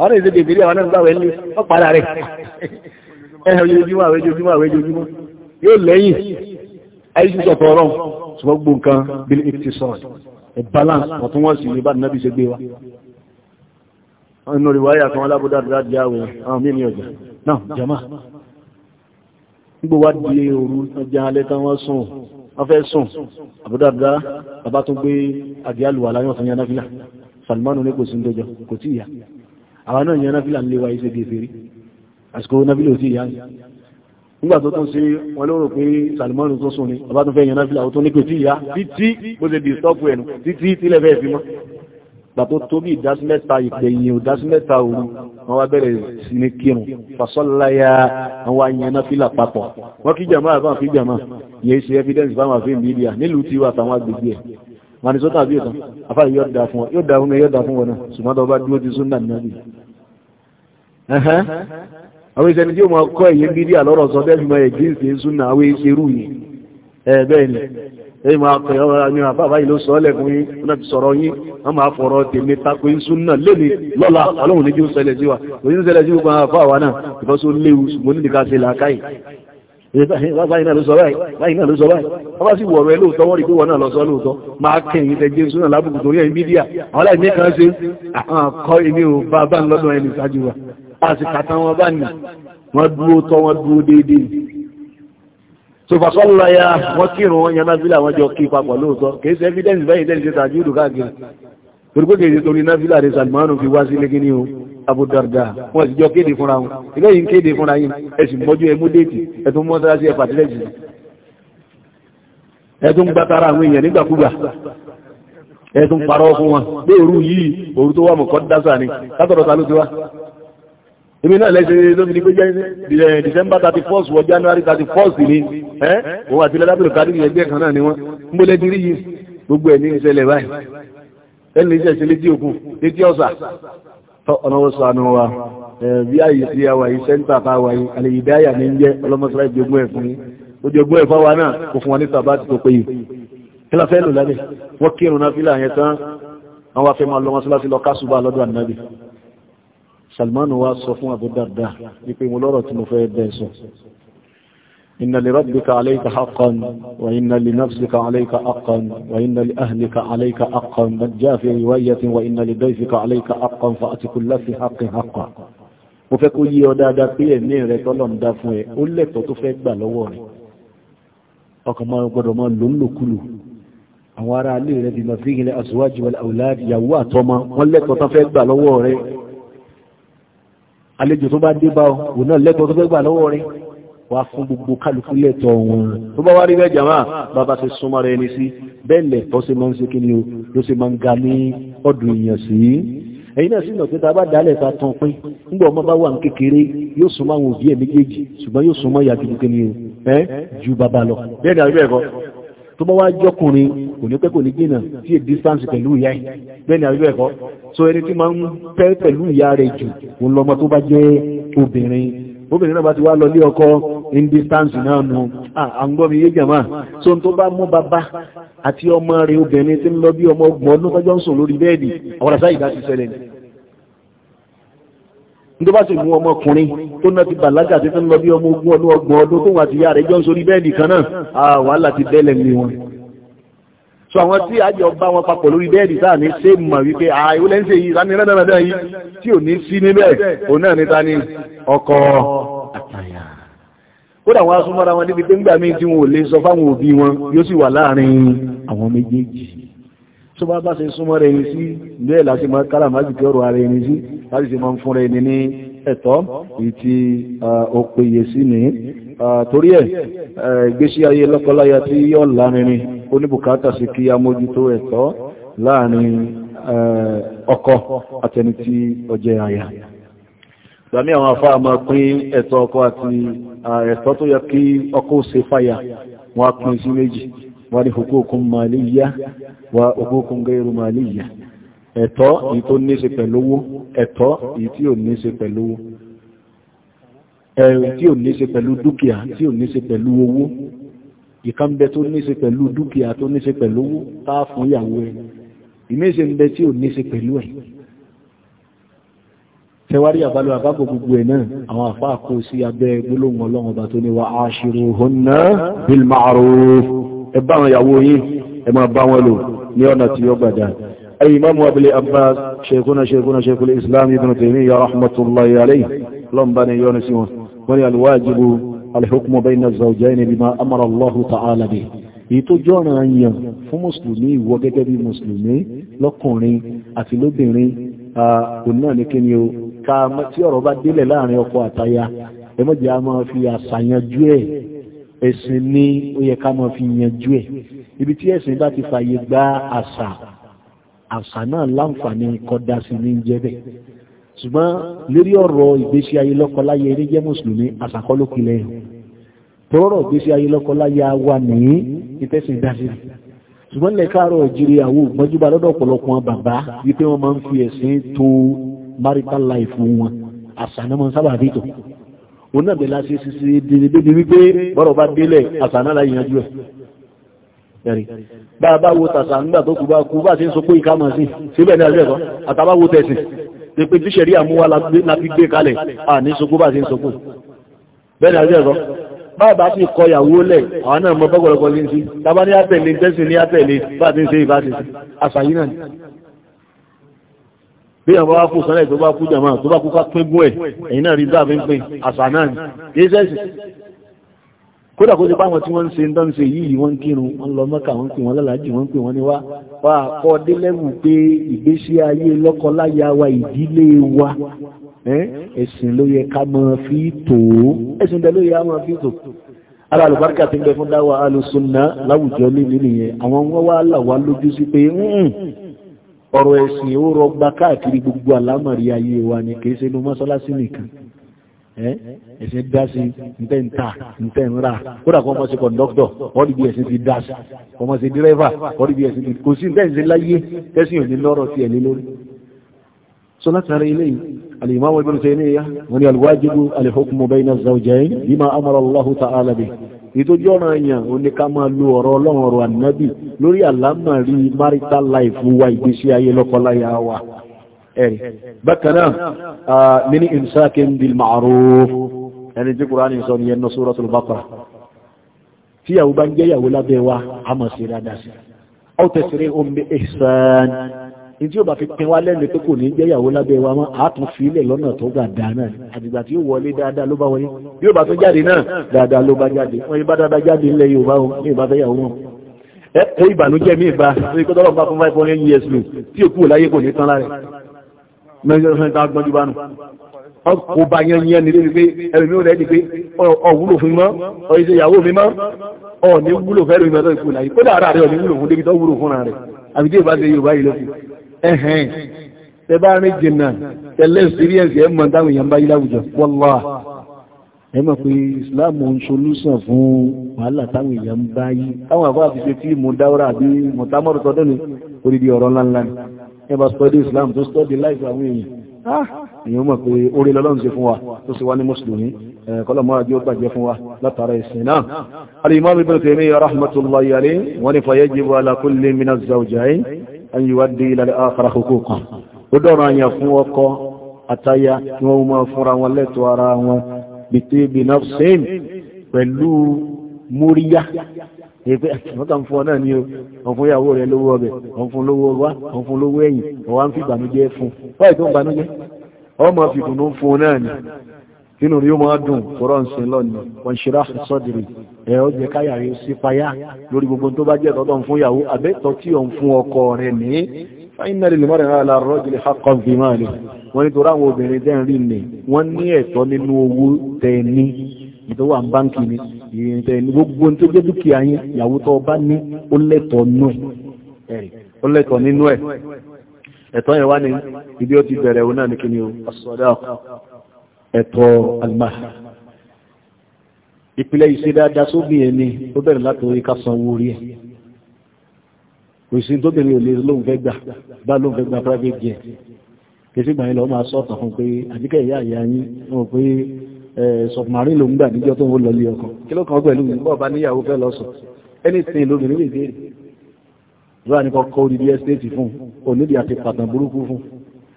àwọn èdè bèbèrè àwọn náà gbáwẹ̀ ní ọ̀padà rẹ̀ ẹ̀hẹ̀ ojoojúmọ́ àwọn ojoojúmọ́ àwọn ojoojúmọ́ yóò lẹ́yìn àìsí sọ̀tọ̀ ọ̀rọ̀ ṣùgbọ́n gbogbo nǹkan bí i balance ọ̀túnwọ̀sì ní bá nàbí ṣe gbé wa. ọ̀nà ìwáyà kan alábúdàrdá jáwẹ̀ àwọn mí náà jama gbogbo wá di òru ọjà alẹ́ tán wọ́n sùn wọ́n fẹ́ sùn àbúdàdá bàbá tó gbé àdíálùwà láyọ̀ tán yẹn náfìlà Salmanu ní kò sí dọjọ kò tí ìyá àwọn náà yẹn náfìlà ń léwa iṣẹ́ gẹ̀ẹ́fẹ̀rí àsìkò náfìlà ò tí ìyá nígbà tó tún sí wọn ló rò pé Salmanu tó sùn ni bàbá tó fẹ́ yẹn ó tó ní kò tí ìyá títí bó ṣe dì stọ́ọ̀pù ẹ̀nu títí tílẹ̀ fẹ́ fi mọ́ pàtó tó bí ìdásí mẹ́ta ìpẹ̀yìn ìdásí mẹ́ta òru wọ́n wá bẹ̀rẹ̀ sí ní kírun fasọ́láyà àwọn àyànná fílà papọ̀ wọ́n kí jàmá àbá fi jàmá yẹ́ ṣe evidence bá wọn fi mídíà nílùú tí wà táwọn agbègbè ẹ̀ wọ́n ni sọ́tà bí ọ̀tàn afáàrí yóò dá fún wọn yóò dá fún wọn yóò dá fún wọn náà ṣùgbọ́n tó bá dúró ti súnà nàbì àwọn ìṣẹ́ni tí ó máa kọ́ ẹ̀yẹ mídíà lọ́rọ̀ sọ bẹ́ẹ̀ fi máa ẹ̀gí ìṣẹ́ súnà àwọn ẹ̀yìn máa pẹ̀ ọ̀rọ̀ ní àbábá ìlú sọ́ọ́lẹ̀ fún yín wọ́n ti sọ̀rọ̀ yín wọ́n máa fọ̀rọ̀ tèmi tako ìsún náà lé ní lọ́la ọlọ́run ní jíun ṣẹlẹ̀ sí wa òyìn ṣẹlẹ̀ sí gbogbo àfáà wa náà ìfọ́só léwu ṣùgbọ́n ní ìdíkà ṣe làákàyè báyìí náà ló sọ báyìí ọba sì wọ̀rọ̀ ẹ lóòótọ́ wọ́n rí pé wọ́n náà lọ sọ lóòótọ́ máa kẹyìn tẹjẹ súnà lábùkù torí ẹ̀yìn mídíà sọfàsọ́lá ya wọ́n kírun wọ́n yaná fílà wọ́n jọ kí papọ̀ lóòótọ́ kìí ṣe evidence bẹ́yìn tẹ́lẹ̀ ṣe tàjú ìdù káàkiri torí pé kìí ṣe torí iná fílà rẹ̀ Salmanu fi wá sí lẹ́gí ní Abu Darda wọ́n sì jọ kéde fúnra wọn ilé yìí ń kéde fúnra yìí ẹ̀sìn mọ́jú ẹmú déètì ẹ̀tún mọ́sára sí ẹ̀fà tẹ́lẹ̀ jù ẹ̀tún gbátara àwọn èèyàn nígbàkúgbà ẹ̀tún parọ́ fún wọn pé òru yìí òru tó wà mọ̀kọ́ dásà ni látọ̀dọ̀ ta ló ti wá èmi náà lẹ́sẹ̀ ló fi di pé jẹ́ eh, December thirty first wọ January thirty first ni ẹ́ eh? òun àti lẹ́dàbìlì kárìkì ẹgbẹ́ kan náà ni wọ́n ń bó lẹ́dírí yìí gbogbo ẹ̀ ní ìṣẹ̀lẹ̀ báyìí ẹni ìṣẹ̀ṣẹ̀ létí òkun létí ọ̀sà ọ̀nàwó sànù wa eh, bí àyè sí àwà yìí sẹ́ńtà àwà yìí àlè ìdáyà ní jẹ́ ọlọ́mọsílá ìjogún ẹ̀ fún yín ojogun ẹ̀fọ́ wa náà kò fún wa ní sàbáàtì tó péye kí la fẹ́ lò lálẹ́ wọ́n kírun náà fílà yẹn tán àwọn afẹ́ máa lọ́mọsílá sí lọ kásùbà lọ́dọ̀ ànábì Salman wa sọ fún Abu Darda wípé mo lọ́rọ̀ tí mo fẹ́ bẹ́ẹ̀ sọ inna li rabbika alayka haqqan wa inna li nafsika alayka haqqan wa inna li ahlika alayka haqqan bal jaa fi riwayatin wa inna li dayfika alayka haqqan fa ati kullati haqqin haqqan mo fẹ́ kó yí ọ dáadáa pé ẹ̀mí rẹ tọ́lọ̀ ń dá fún ẹ ó lẹ́tọ̀ọ́ tó fẹ́ gbà lọ́wọ́ rẹ ọkàn máa gbọ́dọ̀ máa lò ń lòkulò àwọn ará ilé rẹ bima fihi al-azwaj wal awlad ìyàwó àtọmọ wọn lẹ́tọ̀ọ́ tó fẹ́ gbà lọ́wọ́ rẹ àlejò tó bá dé bá òun náà lẹ́tọ̀ọ́ tó fẹ́ gbà lọ́wọ́ rẹ̀ wá fún gbogbo kálukú lẹ́tọ̀ọ́ wọn tó bá wá rí bẹ́ẹ̀ jàmá bàbá ṣe súnmọ́ rẹ̀ ní sí bẹ́ẹ̀ lẹ́tọ́ ṣe máa ń ṣe kí ni o ló ṣe máa ń ga ní ọdún èèyàn sí ẹ̀yin náà sì nà pé tá bá dálẹ̀ ta tán pín nígbà ọmọ bá wà ní kékeré yóò súnmọ́ àwọn òbí ẹ̀ méjèèjì ṣùgbọ́n yóò súnmọ́ ìyá ju kí ni o ju bàbá lọ bẹ́ẹ̀ ni bẹ́ẹ̀ kọ́ tó bá wá jọkùnrin kò ní pẹ́ kò ní jìnà sí a distance pẹ̀lú ìyá ẹ̀ bẹ́ẹ̀ ni àbí bẹ́ẹ̀ kọ́ so ẹni tí máa ń pẹ́ pẹ̀lú ìyá rẹ̀ jù òun lọ́mọ tó bá jẹ́ obìnrin obìnrin náà bá ti wá lọ lé ọkọ in distance náà nu àgbọ́mi yé jàmá so tó bá mú bàbá àti ọmọ rẹ̀ obìnrin tí ń lọ bí ọmọ ọgbọ̀n ọdún tọ́jọ́ ń sùn lórí bẹ́ẹ̀dì ọ̀rọ̀ sáyìí bá ti tó bá sì mú ọmọkùnrin tó náà ti bàlágà tí tó ń lọ bí ọmọ ogún ọdún ọgbọ̀n ọdún tó wà ti yá rẹ̀ jọ ń sorí bẹ́ẹ̀dì kan náà wàhálà ti dẹ́lẹ̀ ní wọn so àwọn tí àjọ bá wọn papọ̀ lórí bẹ́ẹ̀dì sáà ní ṣe mọ̀ wípé àìwọ́lẹ̀ ń ṣe yìí sáni rẹ́dàrẹ́dà yìí tí ò ní sí níbẹ̀ òun náà níta ní ọkọ àtàyà kódà wọn asúnmọ́ra wọn níbi pé tó bá bá ṣe súnmọ́ rẹ̀ ní sí bẹ́ẹ̀ láti máa kálàmájì kí ọ̀rọ̀ ara ẹni sí láti ṣe máa ń fún rẹ̀ ní ní ẹ̀tọ́ ìtì òpèyè sí ní torí ẹ̀ ìgbésí ayé lọ́kọláya tí yọ́ lárinrin oníbùkátà sí kí a mójútó ẹ̀tọ́ láàrin ọkọ àtẹni tí ó jẹ́ aya gbàmí àwọn afá máa pín ẹ̀tọ́ ọkọ àti ẹ̀tọ́ tó yẹ kí ọkọ ṣe fàyà wọ́n á pín sí méjì wọ́n ní huququn maliyya wa obukum gairu maliya ẹ̀tọ́ èyí tó ní ṣe pẹ̀lú owó ẹ̀tọ́ èyí tí ò ní ṣe pẹ̀lú owó ẹ̀rùn tí ò ní ṣe pẹ̀lú dúkìá tí ò ní ṣe pẹ̀lú owó ìkánbẹ tó ní ṣe pẹ̀lú dúkìá tó ní ṣe pẹ̀lú owó táà fún ìyàwó ẹ̀ ìmẹ́ṣe ń bẹ tí ò ní ṣe pẹ̀lú ẹ̀ tẹwárí àbálò àbábò gbogbo ẹ̀ náà àwọn àfáà kó sí abẹ́ gbólóhùn ọlọ́run ọba tó ní wa ashiruhunna bil ma'ruf ẹ àwọn ìyàwó yín ẹ máa bá wọn lò ní ọ̀nà tí ó gbàdá ay imamu abúlé abbas sheikhuna sheikhuna sheikhul islam ibn taymiyyah rahmatullahi alayhi lọ́nba ni yọ́nu sí wọn wọ́n ni alwajibu alhukmu bayna az-zawjayni bima amara allahu ta'ala bi èyí tó jọ́ràn yàn fún mùsùlùmí ìwọ gẹ́gẹ́ bí mùsùlùmí lọ́kùnrin àti lóbìnrin kò náà ní kí ni o ká tí ọ̀rọ̀ bá délẹ̀ láàrin ọkọ àtaya ẹ mọ̀jẹ̀ a máa fi àṣàyànjú ẹ̀ ẹ̀sìn ni ó yẹ ká máa fi yanjú ẹ̀ ibi tí ẹ̀sìn bá ti fàyè gba àṣà àṣà náà láǹfààní kọ́dá sí ní jẹ́bẹ̀ ṣùgbọ́n lórí ọ̀rọ̀ ìgbésí ayé lọ́kọláya eré jẹ́ mùsùlùmí àṣàkọ́lókìlẹ̀ ẹ̀ tọ́rọ̀ ìgbésí ayé lọ́kọláya wà ní ìtẹ́sìn dáṣìí ṣùgbọ́n lẹ káàrọ̀ òjìrì àwọn ògbọ́njúbà lọ́dọ̀ ọ̀pọ̀lọpọ̀ bàbá wípé wọ́n máa ń fi ẹ̀sìn tó marital life wọn àṣàná máa ń sábà dìtò òun náà bẹ̀rẹ̀ láti ṣe ṣe dédé wípé bọ́rọ̀ bá délẹ̀ àṣàná láyé yanjú ẹ̀ ẹ̀rí bá a bá wo tàṣà nígbà tó kú bá kú bá ti ń sọ pé ìka mọ̀ sí síbẹ̀ ní àjẹ́ ẹ̀kọ́ àtàbá wo tẹ̀sìn ní pé tí ṣẹ̀rí àmúwá la fi gbé kalẹ̀ à ní sọ pé bá ti ń sọ pé bẹ́ẹ̀ ní àjẹ́ ẹ̀kọ́ bá a bá ti kọ ìyàwó lẹ̀ àwọn náà mọ bọ́gbọ̀lọpọ̀ ní sí tábá ní àtẹ̀lé tẹ́sìn ní àtẹ̀lé bá ti ń ṣe ìbá ti àṣàyí náà bí àwọn wá kú sọ́lẹ̀ tó bá kú jàmá tó bá kú ká pín gún ẹ̀ ẹ̀yìn náà rí dáa fi ń pín àṣà náà ní kí sẹ́sì kódà kó ti páwọn tí wọ́n ń ṣe ń dánṣe yìí wọ́n ń kírun wọ́n lọ mọ́kà wọ́n pè wọ́n lọ́làájì wọ́n pè wọ́n ní wá wá kọ́ délẹ́wù pé ìgbésí ayé lọ́kọláya wa ìdílé wa ẹ̀sìn ló yẹ ká máa fi tò ó ẹ̀sìn tẹ ló yẹ ká máa fi tò ara àlùbáríkà ti ń bẹ fún dáwà alùsùnà láwùjọ nínú nìyẹn àwọn wọn wá là wá lójú sí pé hmm, ọ̀rọ̀ ẹ̀sìn ó rọgbà káàkiri gbogbo àlámọ̀rí ayé wa ni kì í ṣe inú mọ́sálásí nìkan ẹ̀sìn dá sí ntẹ́ ń ta ntẹ́ ń ra kódà kọ́ ọmọ sí kọ̀ǹdọ́kítọ̀ ọ̀rí bí ẹ̀sìn ti dá sí ọmọ sí dírẹ́fà ọ̀rí bí ẹ̀sìn ti kò sí ntẹ́ ń ṣe láyé tẹ́sìn òní lọ́rọ̀ tiẹ̀ lé lórí. sọ látara eléyìí al-Imam Ibn Taymiyyah wọn ni al-wajibu al-hukmu bayna az-zawjayn bima amara Allahu ta'ala bihi ìtójú ọ̀ràn èèyàn ò ní ká máa lo ọ̀rọ̀ ọlọ́run ọ̀rọ̀ ànábì lórí àlámọ̀rí marital life wa ìgbésí ayé lọ́kọ́láyà wa ẹ̀rì bákanáà mini imsakin bil ma'ruf ẹni tí kùránì sọ ni ẹnu suratul Baqara tí yàwó bá ń jẹ́ yàwó lábẹ́ wa a mọ̀ sí dáadáa sí ọ tẹ̀sẹ̀rẹ̀ omi ihsan ní tí ó bá fi pin wá lẹ́nu pé kò ní jẹ́ yàwó lábẹ́ wa mọ́ a tún fi ilẹ̀ lọ́nà tó gbà dáa náà àdìgbà tí ó wọlé dáadáa ló bá wọlé bí ó bá tún jáde náà dáadáa ló bá jáde wọ́n yí dáadáa jáde ńlẹ̀ Yorùbá wọn ní ìbáfẹ́ yàwó wọn ẹ̀kọ́ ìbànújẹ́ mi ìgbà tó ní tán lára mẹ́jọ́sán ìta gbọ́njú bánu ọkọ̀ bá yẹn yẹn nílé wípé ẹ̀rùn mìíràn ẹ̀dì pé ọ̀wúlò fún mọ́ ọ̀yíṣẹ́ ìyàwó mi mọ́ ọ̀ní wúlò fẹ́rù ìmọ̀tọ́ ìkú láyé kódà ara rẹ̀ ọ̀ní wúlò fún débítọ́ wúlò fún rẹ̀ àbí dé ìbáṣe Yorùbá yìí lọ́sí ẹ̀hẹ́n tẹ bá rí jìnnà tẹlẹ experience ẹ̀ mọ̀ táwọn èèyàn bá yí láwùjọ wọ́lá ẹ mọ̀ pé Islam ń solúsàn fún wàhálà táwọn èèyàn bá yí táwọn àbá àti ṣe fíìmù dáwọ́rà àbí mọ̀támọ́rù tọdún ní orí ọ̀rọ̀ ńláńlá ni ẹba study islam tó study life àwọn èèyàn ah, èèyàn mọ̀ pé orí lọ́lọ́run ṣe fún wa tó sì wá ní mùsùlùmí kọlọ̀mọ́ àjẹ́ ó gbàjẹ́ fún wa látara ìsìn náà al-imam ibn taymiyyah rahmatullahi alayhi wọ́n ní fayajibu ala kulli min az-zawjayn an yuwaddi ila al-akhar huquqan ó dọ̀rọ̀ àyàn fún ọkọ àtaya tí wọ́n máa fúnra wọn lẹ́tọ̀ọ́ ara wọn bìtì bìnafsin pẹ̀lú móríyá pé ah, wọ́n kàn fún ọ náà ni o wọ́n fún ìyàwó rẹ lówó ọbẹ̀ wọ́n fún lówó wá wọ́n fún lówó ẹ̀yìn ọ̀wá ń fi ìbànújẹ́ fún wáyé tó ń banújẹ́ ọmọ fìdùnnú fún náà ni inú rí ó máa dùn tọ́rọ̀ ń sin lọ́nà wọ́n ṣíra sọ́dìrì ẹ̀ ó jẹ́ káyà rí sí payá lórí gbogbo tó bá jẹ́ tọ́tọ́ fún ìyàwó àbẹ́tọ̀ tí ò ń fún ọkọ rẹ̀ ní fáínà lè mọ́rẹ̀ rárá rọ́jìlẹ̀ hakọ̀ fi máa lè wọ́n ní torí àwọn obìnrin dẹ́rin ní wọ́n ní ẹ̀tọ́ nínú owó tẹ̀ ní ìtọ́wà báńkì ni ìrìntẹ́ ní gbogbo tó jẹ́ dúkìá yín ìyàwó tó bá ní ó lẹ́tọ̀ọ́ nínú ẹ̀ ẹ̀tọ́ yẹn wá ní ibi ó ti bẹ̀rẹ̀ òun náà ní kí ni ọ̀sọ̀dá ẹ̀tọ́ almah ìpìlẹ̀ ìṣe dáadáa sóbì ẹni ó bẹ̀rẹ̀ látòrí ká san owó orí ẹ̀ kò sí tóbìnrin ò lè lóun fẹ́ gbà bá lóun fẹ́ gbà private jet kì í sì gbà yín lọ máa sọ́ọ̀tàn fún pé àdíkẹ́ ìyá ìyá yín wọn pé sọ̀pùmárì ló ń gbà níjọ́ tó ń lọ lé ọkọ̀ kí ló kàn pẹ̀lú ìgbọ́ ọba níyàwó fẹ́ lọ sùn anything lóbìnrin lè béèrè lọ́wọ́ ní kọ́kọ́ orí díẹ̀ stéètì fún onídìí àti pàtàn burúkú fún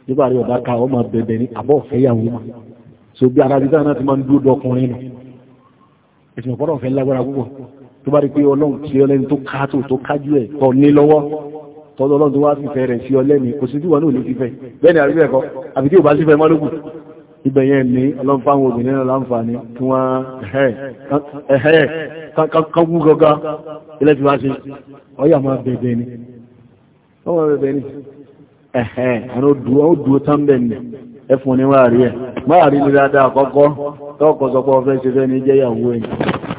nígbà rí ọ̀dà ká ọmọ bẹ̀bẹ̀ ní àbọ̀ ọ̀fẹ́yàwó mà so bí ara bíbá náà ti máa ń dúró dọkùnrin nù ìsìn ọ̀pọ̀lọ̀ ọ̀fẹ́ lágbára púpọ̀ tó bá rí pé ọlọ́run ti ọlẹ́ni tó ká tó tó kájú ẹ̀ tọ́ ní lọ́wọ́ tọ́jú ọlọ́run tó wá fífẹ́ rẹ̀ sí ọlẹ́ni kò sí tí wọn náà lè fífẹ́ bẹ́ẹ̀ ni àríwẹ̀ àbí tí ò bá sífẹ́ mọ́lógún ibẹ̀yẹ ní ọlọ́fáwọn obìnrin náà láǹfààní kí wọ́n ẹ̀hẹ́ kankú gọ́gá ilẹ̀ tí wá ṣe ọyà máa bẹ̀bẹ̀ ni wọ́n máa bẹ̀bẹ̀ ni ẹ̀hẹ́ àwọn odùó tánbẹ̀ ni ẹfún ni wáàrí ẹ̀ máàrí ní dáadáa àkọ́kọ́ tọ́kọ̀sọpọ̀ ọ̀fẹ́ ṣe fẹ́ ní jẹ́yàwó ẹ̀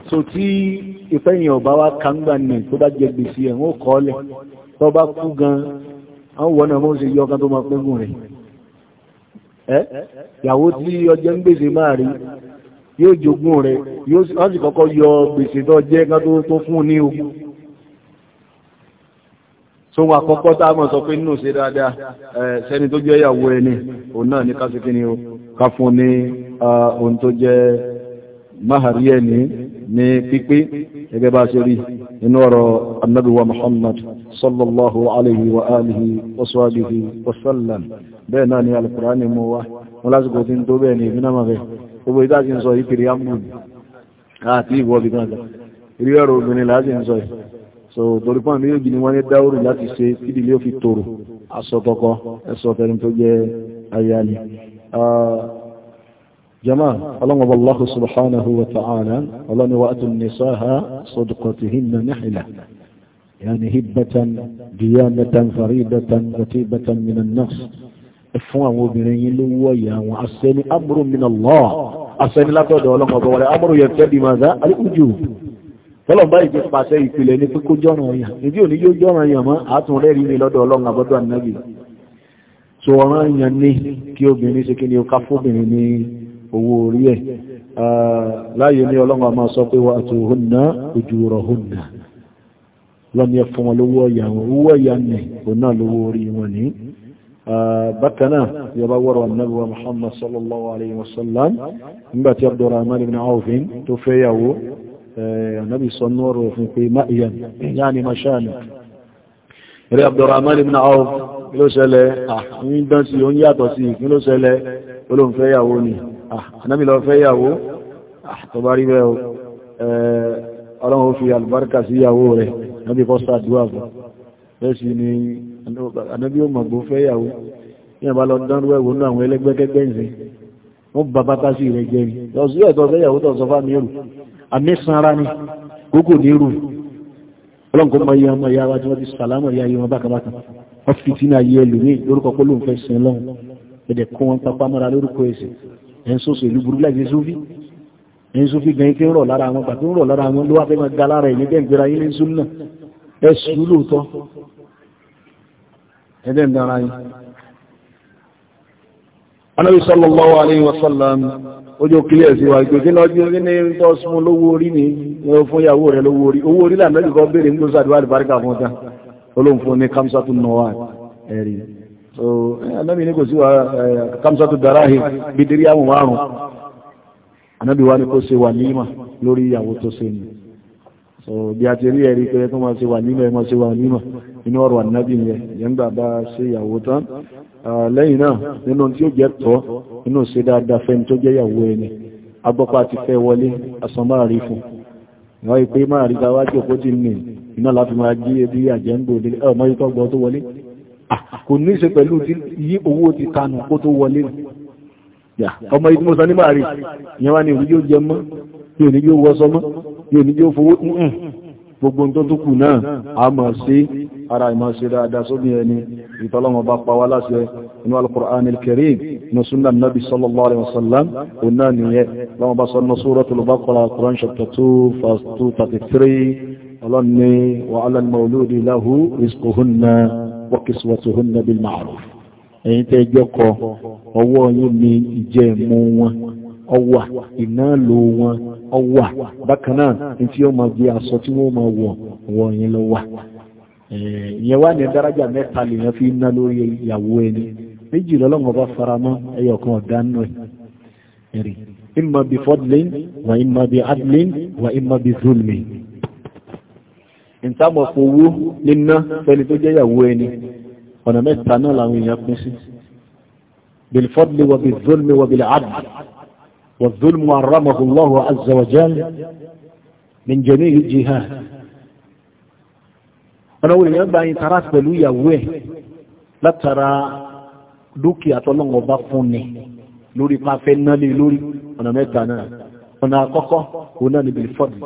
so tí ìfẹ́yìn ọ̀bá wá kàńgbà nì tó bá jẹ gbèsè ẹ̀ wọ́n kọ́ lẹ̀ tọ́ bá kú gan-an àwọn wọ́n náà mọ́ sí yọ́kan tó máa pẹ́gùn rẹ̀ ẹ́ ìyàwó tí ọjẹ́ ń gbèsè máa rí yóò jogún rẹ̀ yóò sì kọ́kọ́ yọ gbèsè tó jẹ́ ká tó fún ní ogun tó wà kọ́kọ́ tá a mọ̀ sọ pé nínú ṣe dáadáa sẹ́ni tó jẹ́ ìyàwó ẹni òun náà ní kásìkí ni ó ká fún ní ohun tó jẹ́ máhàrí ẹni ní pípé gẹ́gẹ́ bá ṣe rí inú ọ̀rọ̀ annabi muhammad sallallahu alaihi wa alihi wa sallam بيناني على القرآن موا ملاز قوتين دو بيني بنا ما بي وبيدا جنسوي كريا مون آتي هو بيدا جا ريا رو بني لاز جنسوي so دوريبان ميو جيني واني داور لا تسي تدي ليو في تورو أسو توكو أسو تريم توجي أياني جماعة الله والله سبحانه وتعالى الله نوات النساء صدقتهن نحلة يعني هبة ديانة فريدة وتيبة من النفس fún àwọn obìnrin yìí ló wọ́ ìyá wọn asẹ́ni amúrò min Allah asẹ́ni látọ̀dọ̀ ọlọ́mọ ọ̀bọ̀ wọlé amúrò yẹn fẹ́ bí máa dá alíkùjù tọ́lọ̀ báyìí ti pàṣẹ ìpìlẹ̀ ní kókó jọ́ràn yà ìdí òní yóò jọ́ràn yà mọ́ àtún rẹ̀ rí ní lọ́dọ̀ ọlọ́run àbọ́dọ̀ ànábì so ọ̀ràn yà ní kí obìnrin ṣe kí ni ó ká بكنا يبور النبوة محمد صلى الله عليه وسلم نبات عبد الرحمن بن عوف توفيه النبي صلى الله عليه وسلم في مأيا يعني مشانك ilé abdurrahman ibn auf kí ló ṣẹlẹ̀ àwọn ìdán sí oúnjẹ àtọ̀ sí kí ló ṣẹlẹ̀ olóǹfẹ́yàwó ni ànábì ló fẹ́yàwó tó bá rí bẹ́ẹ̀ ọlọ́run ó fi albarka sí ìyàwó rẹ̀ nábì kọ́ sàdúwà fún bẹ́ẹ̀ sí ni ànábí ó mọ̀gbó fẹ́yàwó ní àbá lọ dánrú ẹ̀wò ní àwọn ẹlẹ́gbẹ́gbẹ́ ìsìn wọ́n bá bá tásì rẹ̀ jẹ́ rí lọ́sí ẹ̀tọ́ fẹ́yàwó tó sọ fámi ẹrù àmì sanra ni kókò ní rù ọlọ́nkọ́ mọ iye ọmọ ìyá wa tí wọ́n ti sàlámọ̀ ìyá yìí wọn bákàbákà wọ́n fi tí náà yẹ ẹlòmíì lórúkọ pé ló ń fẹ́ sin lọ́hùn ẹ̀dẹ̀ kó wọn papá mọ́ra lórúkọ ẹ̀sìn ẹ̀ ń sọ̀sọ̀ ìlú burúkú láti sófì ẹ̀ ń sófì gan-an rọ̀ lára wọn pàtó ń rọ̀ lára wọn ló wá fẹ́ máa ga lára ẹ̀ ní bẹ́ẹ̀ gbéra yín ní súnà ẹ̀dẹ́ ìdára yìí anábi sallallahu alayhi wa sallam ojú kílẹ̀ sí wa ìgbèjì náà jí orí ní tó súnmọ́ lówó orí ní fún ìyàwó rẹ̀ lówó orí owó orí làmẹ́lì kan béèrè ń gbóṣà àdúrà àdìbáríkà fún ọ̀tá olóǹfún ní kamsatu nọ́wà ẹ̀rí so anábi ní kò sí wa kamsatu darahi bidiri àwọn márùn anábi wa ní kò ṣe walima lórí ìyàwó tó ṣe ni so bí a ti rí ẹ̀rí pé kó máa ṣe walima ẹ̀ máa ṣe walima inú ọ̀rọ̀ ànábì yẹn yẹngbà bá ṣe ìyàwó tán lẹ́yìn náà nínú tí ó jẹ́ tọ́ inú ṣe dáadáa fẹ́ni tó jẹ́ ìyàwó ẹni agbọ́pá ti fẹ́ wọlé asan máa rí fún ìwọ́n ìpé máa rí gbáwájú òkú ti nì iná láti máa jí ebi àjẹ́ǹgbò délé ọmọ yìí tọ́gbọ́ tó wọlé kò ní ṣe pẹ̀lú yí owó ti tanù kó tó wọlé ọmọ yìí tí mo sọ ní máa rí ìyẹn wá ní òní yóò jẹ mọ́ yóò ní yóò wọ́sọ mọ́ yóò ní yóò fowó gbogbo tó tó kù náà a mọ̀ sí ara ìmọ̀ sí dáadáa sóbi ẹni ìtọ́lọ́wọ́ bá pàwà láti inú al-Qur'an al-Karim ní súnà nàbí sallallahu alaihi wasallam ọ̀nà nìyẹ lọ́wọ́ bá sọ́nà Suratul Baqara Quran chapter 2 verse 233 ọlọ́ni wa 'ala al lahu rizquhunna wa kiswatuhunna bil ma'ruf ẹ̀yin tẹ́ jẹ́kọ ọwọ́ yìí ọwà iná lò wọn ọwà bákan náà ní tí ó máa gbé aṣọ tí wọ́n máa wọ̀ wọ̀ yẹn lọ wà ìyẹn wá ní dárájà mẹ́ta lèèyàn fi ná lórí ìyàwó ẹni méjì lọ́lọ́wọ́ bá faramọ́ ẹyọ kan ọ̀dá nù ẹ̀rí imma bi fadlin wa imma bi adlin wa imma bi zulmin ìtàbọ̀ fowó níná fẹ́ni tó jẹ́ ìyàwó ẹni ọ̀nà mẹ́ta náà làwọn èèyàn pín sí bil fadli wa bil zulmi wa bil adl والظلم حرمه الله عز وجل من جميع الجهات ọ̀nà òun èèyàn gba interact pẹ̀lú ìyàwó ẹ̀ látara dúkìá tọ́lọ́wọ́ bá fún ni lórí pàfẹ́ náà lè lórí ọ̀nà mẹ́ta náà ọ̀nà àkọ́kọ́ òun náà níbi fọ́dì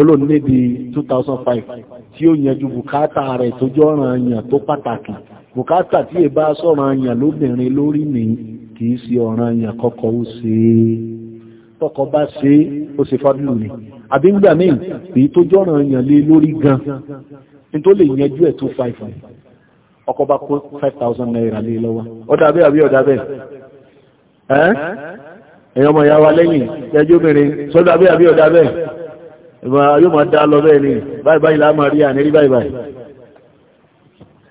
olóòrùn níbi 2005 tí ó yanjú bùkátà rẹ̀ tó jọ́ ọ̀ràn àyàn tó pàtàkì bùkátà tí èbá sọ̀rọ̀ àyàn lóbìnrin lórí nìyí kìí sí ọ̀ràn yẹn kọ́kọ́ ó ṣe é tọ́kọ bá ṣe ó ṣe fábílù ni àbí ńgbà míì èyí tó jọ́ràn yẹn lé lórí gan ní tó lè yanjú ẹ̀ tó five ni ọkọ bá kó five thousand naira lé lọ́wọ́ ọ̀dà bẹ́ẹ̀ àbí ọ̀dà bẹ́ẹ̀ ẹ́ ẹ̀yọ́ ọmọ ya wa lẹ́yìn ẹjọ́ obìnrin sọ́dọ̀ àbí àbí ọ̀dà bẹ́ẹ̀ yóò máa dá lọ bẹ́ẹ̀ ni báyìí báyìí lá máa rí àní rí báyìí báyìí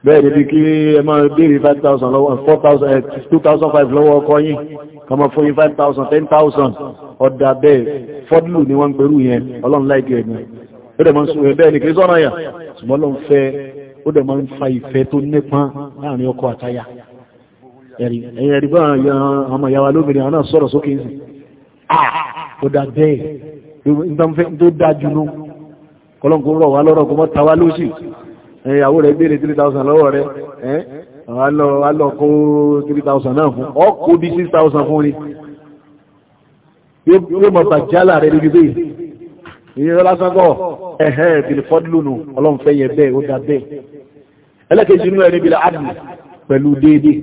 bẹ́ẹ̀ ni kí ẹ máa béèrè 5,000 lọ́wọ́ 4,000 2,500 eh, lọ́wọ́ ọkọ yín kọmọ fún yín 5,000 10,000 ọ̀dà bẹ́ẹ̀ fọ́dúlù ni wọ́n ń pẹ̀lú yẹn ọlọ́run láìkí ẹ̀mí ó dẹ̀ eh, ni kì í sọ́nà yà ṣùgbọ́n ló ń fẹ́ ó dẹ̀ máa ń fa ìfẹ́ tó nípa láàrin ọkọ àtaya ẹ̀rí ẹ̀yìn ẹ̀rí bá ọmọ ìyá wa lóbìnrin àwọn náà sọ̀rọ̀ sókè ẹ̀sìn ọ̀dà bẹ́ẹ̀ tó dájú nú kọlọ́nkó rọ̀ wá lọ́rọ̀ kó mọ́ ta wá ìyàwó rẹ̀ béèrè 3000 lọ́wọ́ rẹ̀ alọ́ kó 3000 náà fún ọkọ̀ bí 6000 fún ní yóò mọ̀ bàjálà rẹ̀ níbi bẹ́ẹ̀ ìyẹn lọ́lásọ́gọ́ ẹ̀hẹ́ bìlìfọ́dúlùnù ọlọ́nfẹ́ yẹ bẹ́ẹ̀ ó dá bẹ́ẹ̀ ẹlẹ́kẹ̀ẹ́jì inú ẹni bìlà ádùn pẹ̀lú déédé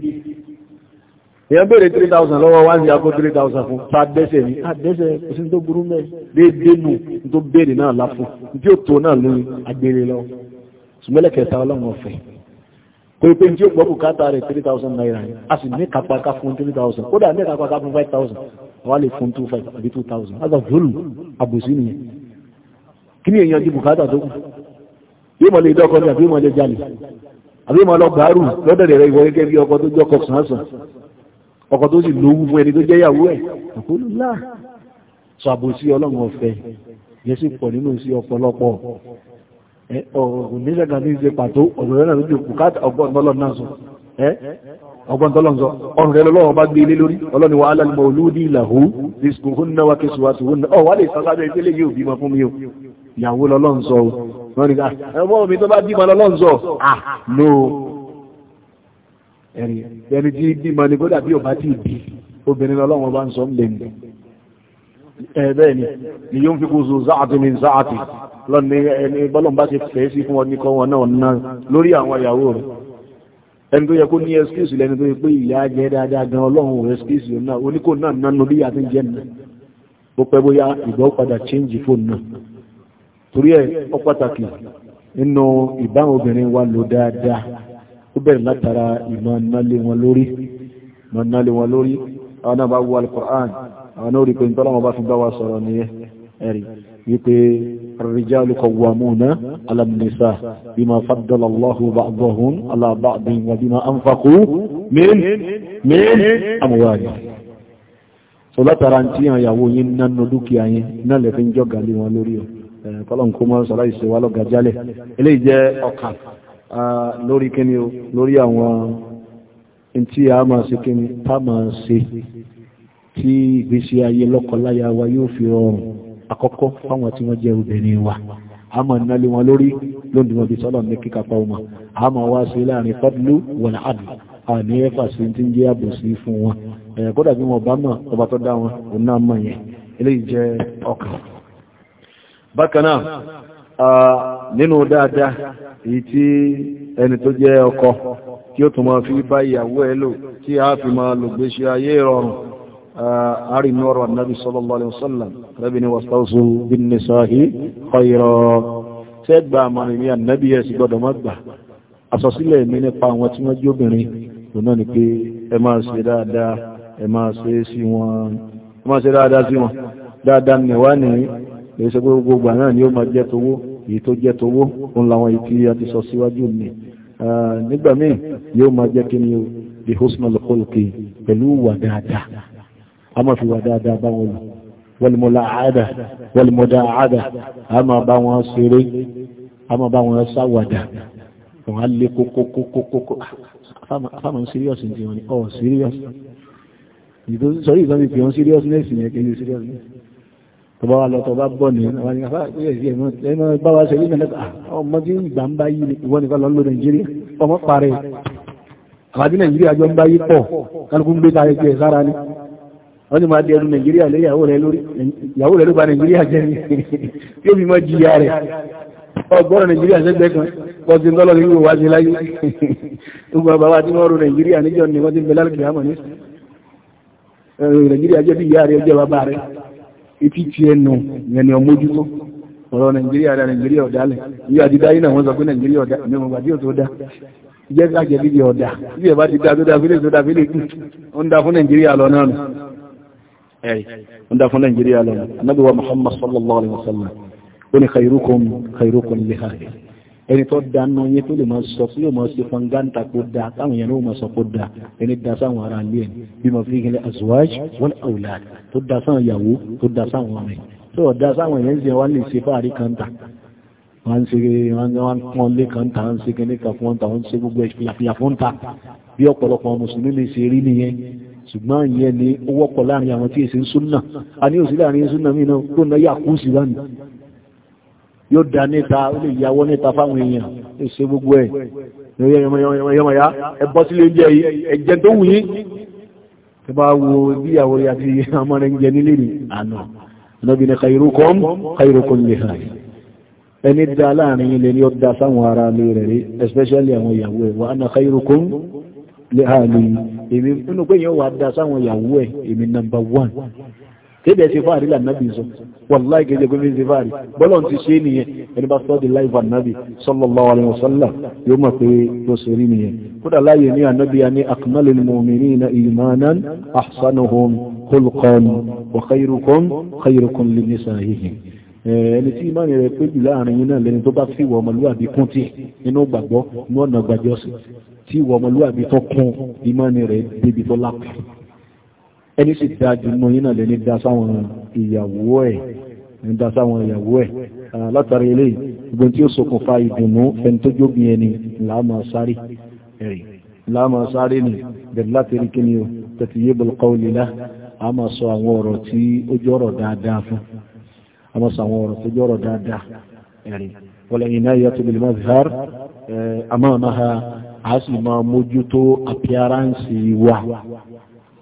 èyàn béèrè 3000 lọ́wọ́ wá ń yàgò 3000 fún fa dẹ́sẹ̀ ní àdẹ́sẹ̀ òsín tó burú mẹ́ déédé nù tó béèrè náà láfún tí ó tó náà lórí agbèrè lọ́wọ́ ṣùgbọ́n lẹ́kẹ̀ẹ́ta ọlọ́run ọ̀fẹ́ pépé tí ó gbọ́ bùkátà rẹ̀ three thousand naira a sì ní kápáká fún three thousand kódà ní kápáká fún five thousand wọ́n á lè fún two five àbí two thousand láti ọ̀dọ́lù àbòsí nìyẹn kí ni èèyàn di bùkátà tó kù yóò mọ̀ lè dọ́kọ ní àbí mọ̀ lè jalè àbí mọ̀ lọ gbàárù lọ́dọ̀ rẹ̀ ìwọ gẹ́gẹ́ bí ọkọ tó jẹ́ ọkọ sànsàn ọkọ tó sì lówó fún ẹni tó jẹ́ ìyàwó ẹ̀ àkólúlá sọ àbòsí ọlọ́run ọ̀fẹ́ yẹn sì pọ̀ nínú sí ọ̀pọ̀lọpọ̀ òníṣẹ́gà eh, ní ìṣe pàtó ọ̀rọ̀ rẹ̀ lójú bùkátà ọgbọ́ntọ́lọ́nzọ eh, ọ̀rùn rẹ̀ lọ́wọ́ bá gbé ilé lórí ọlọ́ni wa alal mauludi lahu rizquhunna wa kiswatuhunna ọ̀ wà lè sásájọ́ ìdílé yóò bímọ fún mi o ìyàwó lọ́lọ́nzọ wọ́n ni ẹ̀wọ́n ah, mi tó bá bímọ lọ́lọ́nzọ ah no ẹni tí bímọ ni kódà bí ọba tí ì bí obìnrin lọ́lọ́wọ́ bá ń sọ ń lẹ́nu ẹ̀ẹ́bẹ́ẹ̀ eh, ni ni yóò fi gúúsù záàtì ní záàtì lọ́nà ẹni bọ́lọ̀n bá ti fẹ́ sí fún ọdún kan wọn náà náà lórí àwọn ìyàwó rẹ̀ ẹni tó yẹ kó ní ẹskíìsì lẹ́ni tó yẹ pé ìyá jẹ́ dáadáa gan ọlọ́run ò ẹskíìsì náà oníkó náà nánú bí àti jẹ́ nà ó pẹ́ bóyá ìgbọ́ padà chíǹjì fóònù náà torí ẹ̀ ó pàtàkì nínú ìbáwọn obìnrin wa lò dáadáa ó bẹ̀rẹ̀ látara ìmọ̀ nálé wọn lórí àwọn náà bá wọ Al-Qur'an àwọn náà rí pé ìtọ́lọ́wọ́ bá fi bá wa sọ̀rọ̀ ní ẹ̀rí wípé الرجال قوامون على النساء بما فضل الله بعضهم على بعض وبما أنفقوا من من أموالهم so látara tí àyàwó yín nánú dúkìá yín náà lè fi ń jọ gàlé wọn lórí ọ kọlọ̀n kó mọ́ sọ̀rọ̀ ìṣẹ́wà lọ́gà jálẹ̀ eléyìí jẹ́ tí ìgbésí ayé lọ́kọláya wa yóò fi rọrùn àkọ́kọ́ fáwọn tí wọ́n jẹ́ obìnrin wa a mọ̀ nálé wọn lórí lóndì wọn bí sọ́lọ̀ ní kíkà pa ọmọ a mọ̀ wá sí láàrin fadlu wọn àdù a ní ẹ̀fà sí ti ń jẹ́ àbòsí fún wọn kódà bí wọn bá mọ̀ ọba tó dá wọn òun mọ̀ yẹn eléyìí jẹ́ ọkàn bákan náà nínú dáadáa èyí tí ẹni tó jẹ́ ọkọ tí ó tún máa fi bá ìyàwó ẹ̀ lò tí a fi máa lògbèṣe ayé rọrùn ari nọrọ nabi sallallahu alaihi wasallam rabi ni wastausu bin nisahi khayra tẹ gba àmàrin ní ànábì ẹ sì gbọ́dọ̀ má gbà àsọsílẹ̀ mi nípa àwọn tí wọ́n jóbìnrin ni pé ẹ máa ṣe dáadáa ẹ máa ṣe sí wọn ẹ máa ṣe dáadáa sí wọn dáadáa nìwá ní lè ṣe gbogbo gbà náà ni ó máa jẹ́ tówó èyí tó jẹ́ tówó òun làwọn èyí tí a sọ síwájú ni nígbà míì yóò máa jẹ́ kí ni o the hosmol kọlùkì pẹ̀lú wà dáadáa a máa fi wà dáadáa bá wọn lò wọlùmọ̀lá àádà wọlùmọ̀dá àádà a máa bá wọn ṣeré a máa bá wọn ṣàwàdà wọn á lé kókókókókó afáàmà ń serious ní tiwọn ni ọ serious sọrí ìsọ́nà ìpè wọn seriousness yẹn kí ni seriousness tọba wa lọ tọba bọ ní àwọn ìgbà ẹmọ bá wa ṣe ìgbà lẹ́kọ̀ọ́ ọmọ tí ìgbà ń bá yí ni ìwọ nìkan lọ ń lo nàìjíríà ọmọ parẹ́ àwọn àti nàìjíríà jọ ń bá yí pọ̀ kálukú ń gbé tayé pé sára ni wọ́n ni máa dẹrù nàìjíríà lé ìyàwó rẹ̀ lórí ìyàwó rẹ̀ ló bá nàìjíríà jẹ́ ní yóò fi mọ́ jìyà rẹ̀ ọgbọ́rọ̀ nàìjíríà sẹ́gbẹ́ kan bọ́sí ńlọ́lọ́ ní wíwá sí láyé gbogbo àbáwá tí wọ́n rò nàìjíríà níjọ ni wọ́n ti bẹ lálùkì àmọ́ ní nàìjíríà jẹ́ bí ìyá rẹ̀ jẹ́ bàbá rẹ̀ etí ti ẹnu ni ọmójútó ọ̀rọ̀ nàìjíríà da nàìjíríà ọ̀dá lẹ̀ ìyá àti dáyé náà wọ́n sọ pé nàìjíríà ọ̀dá ní ọmọ gbàdí òtó dá jẹ́ kájẹ́ ẹ̀rì ń dá fún nàìjíríà lọ anábì wa muhammad sallallahu alayhi wa sallam ó ní khairukum khairukum lè ha ẹni tó da nù yẹn tó lè máa sọ tó lè máa ṣe fún gáńtà kó da táwọn yẹn ló máa sọ kó da ẹni da sáwọn ará ilé ẹni bí mo fi gẹlẹ azuwaj wọn àwùlà tó da sáwọn ìyàwó tó da sáwọn ọmọ ẹ tó ọ̀dá sáwọn yẹn ń ṣe lè ṣe fáàrí kàńtà wọ́n ń ṣe wọ́n pọ́n lé kàńtà ń ṣe kẹ́lẹ́kà fún ọ̀tà ń ṣe gbogbo ẹ̀ṣẹ̀ fìyàfún bí ọ̀pọ̀lọpọ̀ mùsùlùmí lè ṣe rí nìyẹn ṣùgbọ́n ìyẹn ni ó wọ́pọ̀ láàrin àwọn tí èsì ń súnnà a ní òsì láàrin súnnà mìíràn tó náà yà kún sí lánìí yóò dá níta ó lè yàwó níta fáwọn èèyàn èsì gbogbo ẹ̀ yọmọ̀yá ẹbọ́ sílé oúnjẹ yìí ẹ̀jẹ̀ tó ẹni dá láàrin ilé ni ó dá sáwọn ará lè rẹ̀ rí especially àwọn ìyàwó ẹ̀ wà á na khairukum èmi nínú pé yẹn wà dá sáwọn ìyàwó ẹ̀ èmi nọmba wán kéde ẹsẹ fáàrí lànàbì sọ wàláì kéde pé fífi fáàrí bọ́lọ̀ ti ṣe nìyẹn ẹni bá sọ́ọ́dì láìfà nàbì sallallahu alaihi wasallam yóò mọ̀ pé ló ṣe rí nìyẹn kódà láàyè ní ànábì a ní akmalul mu'minina imanan ahsanuhum khulqan wa khayrukum khayrukum lè ní sàáhìhìn ẹni tí ìmáàmì tó tí ìwọ ọmọlúwàbí tó kún ìmọ̀ni rẹ̀ débi tó lápá ẹni sì dá jù mọ́ yínà lè ní dá sáwọn ìyàwó ẹ̀ ní dá sáwọn ìyàwó ẹ̀ látàrí ilé ìgbọ́n tí ó ṣokùnfà ìdùnnú ẹni tó jóbi ẹni láàmà sáré ẹ̀rì láàmà sáré ni bẹ̀rẹ̀ láti rí kíni o tẹ̀tì yé bọ̀lọ́kọ́ òlélá a máa sọ àwọn ọ̀rọ̀ tí ó jọ́rọ̀ dáadáa fún a máa sọ àwọn ọ̀rọ̀ tó jọ́rọ̀ dáadáa ẹ̀rì wọlé ìnáyà tó bìlì máa zihar a sì máa mójútó àpíáráǹsì wa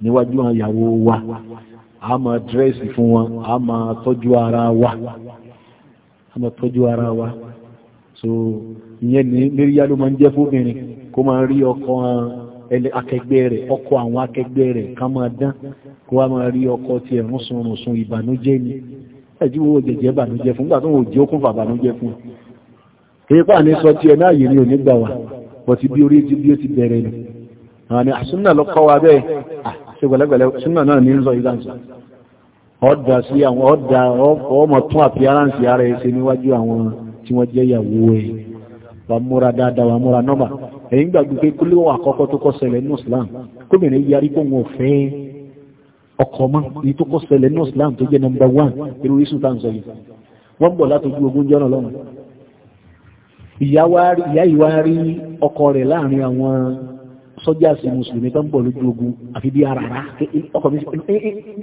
níwájú àwọn wa a máa dírẹ́sì fún wọn a máa tọ́jú ara wa a máa tọ́jú ara wa so ìyẹn ní mẹ́ríyá ló máa ń jẹ́ fóbìnrin kó máa rí ọkọ akẹgbẹ́ rẹ̀ ọkọ àwọn akẹgbẹ́ rẹ̀ ká máa dán kó wá máa rí ọkọ tí ẹ̀rún sunrun sun ìbànújẹ́ ni ẹ̀jú wo jẹ̀jẹ̀ bànújẹ́ fún gbà tó ó kún fà bànújẹ́ fún èyí pàà ní sọ tí ẹ náà yìí ní onígbà wa bọ̀tí bí orí ti bí ó ti bẹ̀rẹ̀ nù àwọn ni àṣúnà lọ kọ́ wa bẹ́ẹ̀ àṣẹ ah, gbẹ̀lẹ́gbẹ̀lẹ́ ṣúnà náà ní lọ ìdáǹsà ọ̀dà sí àwọn ọ̀dà ọmọ tún àti aráǹsì ara ẹ̀ ṣe níwájú àwọn tí wọ́n jẹ́ ìyàwó ẹ̀ wà múra dáadáa wà múra nọ́mà ẹ̀yìn gbàgbé pé kó léwọ̀ àkọ́kọ́ tó kọ́ ṣẹlẹ̀ ní Islam kóbìnrin yarí pé wọn jẹ́ nọmba lọ́nà ìyá yìí wá rí ọkọ rẹ̀ láàrin àwọn sọ́jà sí mùsùlùmí tó ń bọ̀ lójú ogun àfi bí ara rà ọkọ̀ mi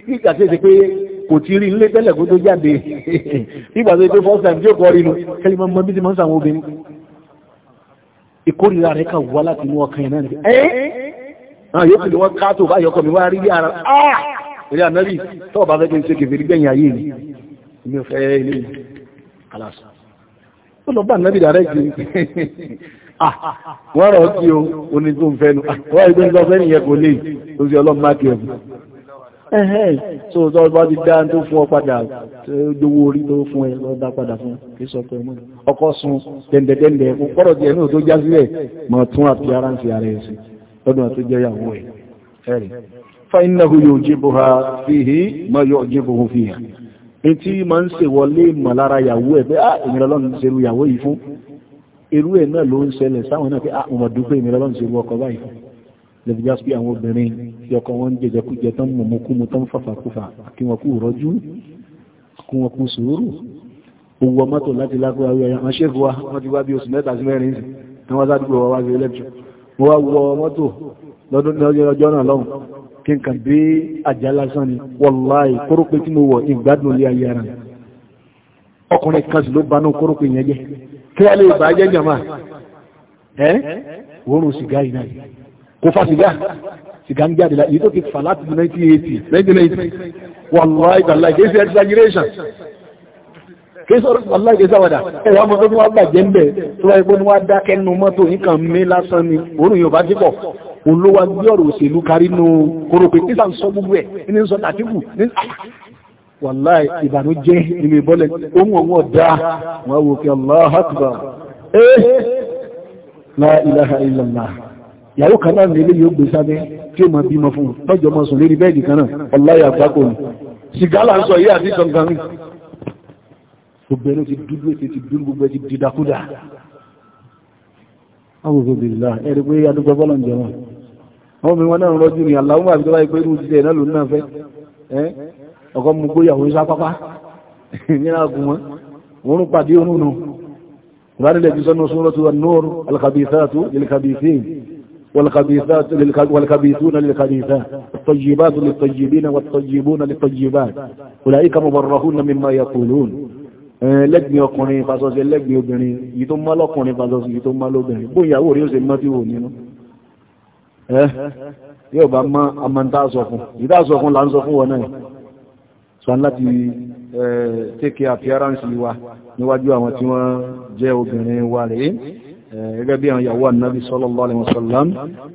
nígbà tí ó ṣe pé kò ti rí nílé tẹ́lẹ̀ kó tó jáde nígbà tó ṣe pé first time tí ó kọ́ rí nu kẹ́lí máa bí ti máa sàwọn obìnrin ìkórìíra rẹ̀ kà wá láti inú ọkàn yẹn náà ni ẹ́ náà ah, yóò fi wọ́n ká tó bá yọkọ̀ mi wá rí bí ara ah eré ànábì tó ọba fẹ́ kí n ṣe kèfèrí gbẹ̀yìn ayé mi mi ò fẹ́ ilé mi kàlásà ó lọ bá nàbì dàrẹ́ jù wọ́n rọ̀ sí o oní tó ń fẹ́nu wọ́n rí pé ń sọ fẹ́ nìyẹn kò lè tó sì ọlọ́run má kẹ́ ẹ̀bù ẹ̀hẹ́n tó tọ́ bá ti dá tó fún ọ padà ojówó orí tó fún ẹ lọ dá padà fún kí sọ pé mú ọkọ̀ sun dẹ̀ndẹ̀dẹ̀ndẹ̀ kó pọ́rọ̀ tiẹ̀ náà tó já sílẹ̀ mọ̀ tún àti ara ń fi ara ẹ̀ sí lọ́dún àti jẹ́ ìyàwó ẹ̀ ẹ̀rì fa innahu yujibuha fihi ma yujibuhu fiha etí máa ń ṣèwọlé ìmọ̀lára yàwó ẹ̀ pé á ìmìíràn lọ́nà ti ṣerú yàwó yìí fún irú ẹ̀ náà ló ń ṣẹlẹ̀ sáwọn náà pé á ah, mo dúpẹ́ ìmìíràn lọ́nà ti ṣerú ọkọ báyìí fún lẹ́bi já sí àwọn obìnrin tí ọkọ wọn ń jẹjẹkújẹ tán mọ̀mọ́kúmu tán fàfàkúfà kí wọn kú rọ́jú kí wọn kú sùúrù owó mọ́tò láti lágbára kí n kàn bí àjá lásán ni wọ́láì kórópé tí mo wọ̀ ìgbádùn lé ayé ara ọkùnrin kan sì ló bá náà kórópé yẹn jẹ kí wọ́n lè bá jẹ́ jàmá ẹ́ wọ́n sìgá yìí náà kò fa sìgá sìgá ń jáde láti tó ti fà láti 1980 1990 wọ́láì tàláì kì í ṣe exaggeration kì í sọ̀rọ̀ wọ́láì kì í sàwádà ẹ̀rọ ọmọ tó wá gbàjẹ́ ń bẹ̀ tó wáyé pé wọ́n dákẹ́ nu mọ́tò yìí kan mí lásán ni òórùn yóò bá dípọ̀ olówó agbé ọ̀rọ̀ òṣèlú kárí nù kórópè nígbà ń sọ gbogbo ẹ̀ ní sọ tàtíkù ní wàláì ìbànújẹ́ nínú ìbọ́lẹ̀ ohun ọ̀wọ́ dáa wọ́n wò kí Allahu Akbar eh la ilaha illallah ìyàwó kan náà nílé yóò gbé sábẹ́ tí ó máa bímọ fún tọ́jọ́ máa sùn lérí bẹ́ẹ̀dì kan náà ọláyà àgbákò ni ṣìgálà ń sọ yé àti gangan gbogbo ẹni ti dúdú ètò ti dúdú gbogbo ti dídákúdà. Àwọn òbí bìlá ẹ̀rí pé adúgbò bọ́lọ̀ ń jẹun wọ́n mi wọn náà rọ́jú ní aláwọ̀ àti tọ́lá ìpé irú jíjẹ náà lòun náà fẹ́ ọkọ̀ mú gbóyà òun sá pápá nínú àgùn wọn òun pàdé òun nù ìbánilẹ̀ ti sọ́nà sọ́nà tó wà nóòrù alkhabithatu الطيبات للطيبين والطيبون للطيبات أولئك مبرهون مما يقولون lẹ́gbìn ọkùnrin ìfàsọ́sẹ́ lẹ́gbìn obìnrin yìí tó mọ́ lọ́kùnrin ìfàsọ́sẹ́ yìí tó mọ́ lóbìnrin Eh? yóò bá mọ́ amọ́ntásọ̀fún ìdásọ̀fún là ń sọ fún wọn náà sọ láti eh, take appearance wa níwájú àwọn tí wọ́n jẹ́ obìnrin wa rẹ̀ eh, gẹ́gẹ́ bí àwọn ìyàwó annabi sallallahu alaihi wasallam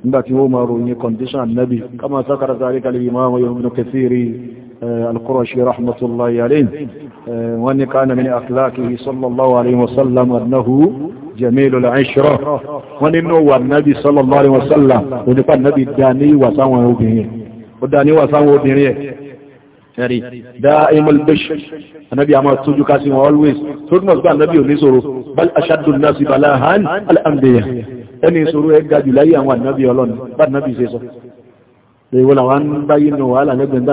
nígbà tí wọ́n máa ròyìn condition annabi kama sakara zalika li imam ibn kathir al-qurashi rahmatullahi alayhi wa min akhlaqihi sallallahu alaihi wasallam annahu jẹ̀mílò láìṣọ́ wọ́n nínú wà nábi sallallahu alaihi wasallam onípa nábi dá ní ìwà sáwọn obìnrin ó dá ní ìwà sáwọn obìnrin ẹ̀ ẹ̀rí da'imul bishr always tó túnmọ̀ sípa anábi ò ní sọ̀rọ̀ bal ashaddu an-nasi balahan al-anbiya ẹni sọ̀rọ̀ ẹ gajù láyé àwọn anábi ọlọ́ni bá anábi ṣe sọ èèwọ̀ làwọn ń báyé nù wàhálà lẹ́gbẹ̀ẹ́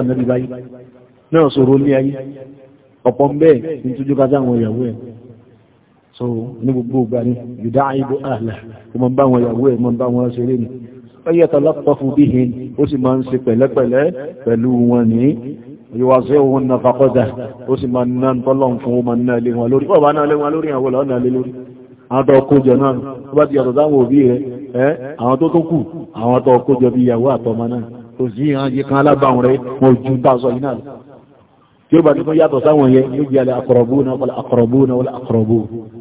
bá anábi so ní gbogbo ìgbà ni yùdá àìbò ààlà o mọ̀ bá wọn ìyàwó ẹ̀ mọ̀ bá wọn ṣeré ni ó yẹ tọ́lọ́pọ̀ fún bí hin ó sì máa ń ṣe pẹ̀lẹ́pẹ̀lẹ́ pẹ̀lú wọn ní ìwàṣẹ́ òun na fakọ́dà ó sì máa ná tọ́lọ́n fún ó máa ná ilé wọn lórí ọba náà lé wọn lórí àwọn ọ̀nà ilé lórí àwọn tó kójọ náà kan yàtọ̀ sáwọn yẹn yóò jẹ́ àkọ̀rọ̀bù náà wọlé àkọ̀rọ̀bù náà wọlé àkọ̀rọ̀bù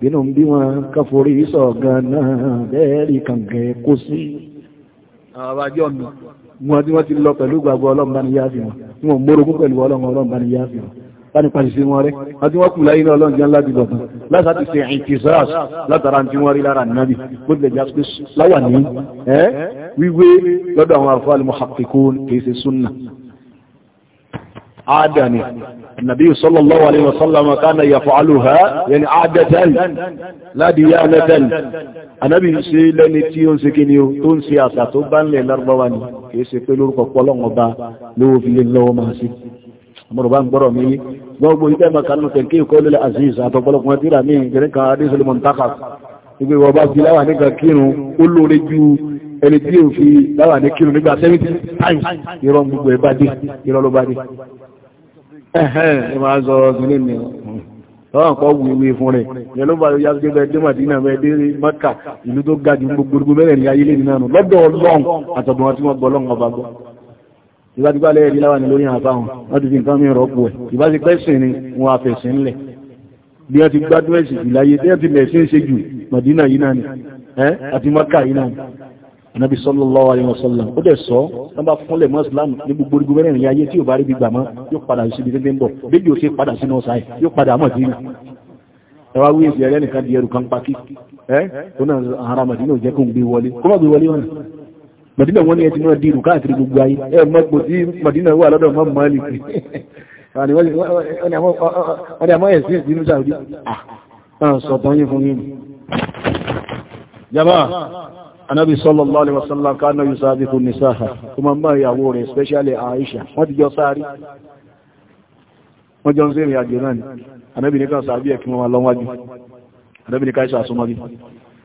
bínú bí wọn káforí sọ̀gán náà bẹ́ẹ̀rì kàǹkẹ́ kó sí àwájọ́ mi wọn tí wọ́n ti lọ pẹ̀lú gbàgbọ́ ọlọ́run bá ní yá fi wọn wọn mórogún pẹ̀lú ọlọ́run ọlọ́run bá ní yá fi wọn láti pàṣẹ sí wọn rẹ̀ àti wọ́n kù láyé ọlọ́run jẹ́ ńlá dìbò kan láti àti ṣe ìtìsáàs látara tí wọ́n rí lára nàbì bó tilẹ̀ já pé láwà ní wíwé عادة النبي صلى الله عليه وسلم كان يفعلها يعني عادة لا ديانة النبي سيلني تيون سكينيو تون سياسة تبان للأربواني كيسي قلور قفلون وبا لو في الله ماسي mọ̀rọ̀bá ń gbọ́rọ̀ mi gbogbo ilẹ̀ makanú tẹ̀kí ìkọlẹ̀ aziz àtọ̀pọ̀lọpọ̀ tíra ní ìgbẹ̀rẹ̀ kan adéṣẹ́lẹ̀ mọ̀ntaka ìgbé wọba fi láwà nígbà kírun ó lóore ju ẹni tí ò fi láwà ní kírun nígbà 70 times ìrọ̀ gbogbo ẹ̀bá dé ìrọ̀ ló bá dé ẹ̀hẹ́n ẹ máa sọ ọ̀sìn lè ní ọ̀hún kọ́ wù ìwé fún rẹ̀ yẹn ló bá yá gbé bẹ́ẹ̀ dé màdínà bẹ́ẹ̀ dé mọ́kà ìlú tó ga jù gbogbo mẹ́rẹ̀ ní ayé lè nínú lọ́dọ̀ ọlọ́run àtọ̀gbọ̀n tí wọ́n gbọ́ ọlọ́run ọba gbọ́ ìbájúgbà lẹ́yìn rí láwà ní lórí àbáhùn wọ́n ti fi nǹkan mìíràn ọ̀pọ̀ ẹ̀ ìbájú pẹ́sìn ni wọ́n àfẹ̀sìn ńlẹ̀ bí wọ́n ti gbádùn ẹ̀sìn jù láyé bí wọ́n ti lẹ̀ sí ń ṣe jù màdínà yìí náà ni àti mọ́kà yìí náà ni anabi sallallahu alaihi wasallam ó dẹ̀ sọ wọ́n bá fúnlẹ̀ mọ́ islam ní gbogbo orígun mẹ́rin ní ayé tí ò bá rí gbígbà mọ́ yóò padà síbi tẹ́tẹ́ ń bọ̀ bẹ́ẹ̀ yóò ṣe padà sínú ọ̀sà ẹ̀ yóò padà mọ̀ sí ẹwà wí ìfẹ́ ẹ̀rẹ́ nìkan di ẹrù kan pàkí ẹ́ tó náà ara màdínà jẹ́ kó ń gbé wọlé kó má gbé wọlé wọn màdínà wọn ni ẹ ti náà di ìrù káàkiri gbogbo ayé anábì sallallahu alaihi wasallam kánà yusabiqu nisaha tó ma ń bá ìyàwó rẹ̀ especially Aisha wọ́n ti jọ sáré wọ́n jọ ń sí ìrìn àjò náà ni anábì ní kan sàábí ẹ̀kí wọn lọ́wọ́jú anábì ní káìsà súnmọ́bí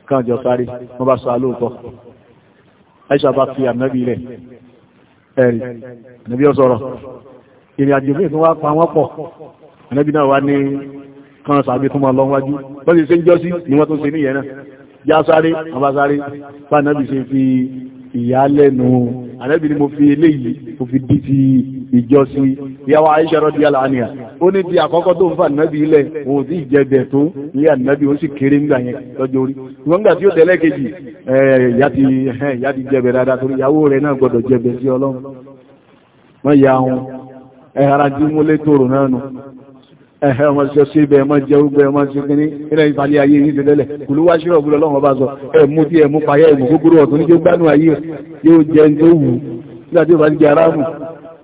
kan jọ sáré wọ́n bá sá lóòtọ́ Aisha bá fi anábì rẹ̀ ẹ̀rì anábì ọ̀sọ̀rọ̀ ìrìn àjò mìí tó wá pa wọ́n pọ̀ sàábí tó ma lọ́wọ́jú bọ́sí sí ń jọ́sí ni wọ́n tó ṣe níyẹn náà já sáré ọba sáré fanabi ṣe fi ìyálẹ́nu àlẹ́bí ni mo fi eléyìí mo fi dí ti ìjọsí ìyàwó Aisha radiyallahu anha ó ní ti àkọ́kọ́ tó ń fa nàbí ilẹ̀ òun sì jẹ́dẹ̀ tó ní ànàbí ó sì kéré ńgbà yẹn lọ́jọ́ orí ìwọ̀n ńgbà tí ó tẹ̀lé kejì ìyá ti jẹ́bẹ̀ dáadáa torí ìyàwó rẹ̀ náà gbọ́dọ̀ jẹ́bẹ̀ sí ọlọ́run wọ́n ya ohun ẹ̀hara ẹ̀hẹ́ ọmọ ṣe ṣe ibẹ̀ ẹmọ jẹ ogbẹ̀ ẹmọ ṣe kí ní ilẹ̀ ìfàlẹ̀ ayé yìí tẹ́lẹ̀ kùlú wá ṣírọ̀ búrọ̀ lọ́wọ́ bá sọ ẹ̀mú tí ẹ̀mú payẹ́ ẹ̀mú gbogbo ọ̀tún ní gbánú ayé yóò jẹ tó wù nígbà tí ó bá jẹ aráàmù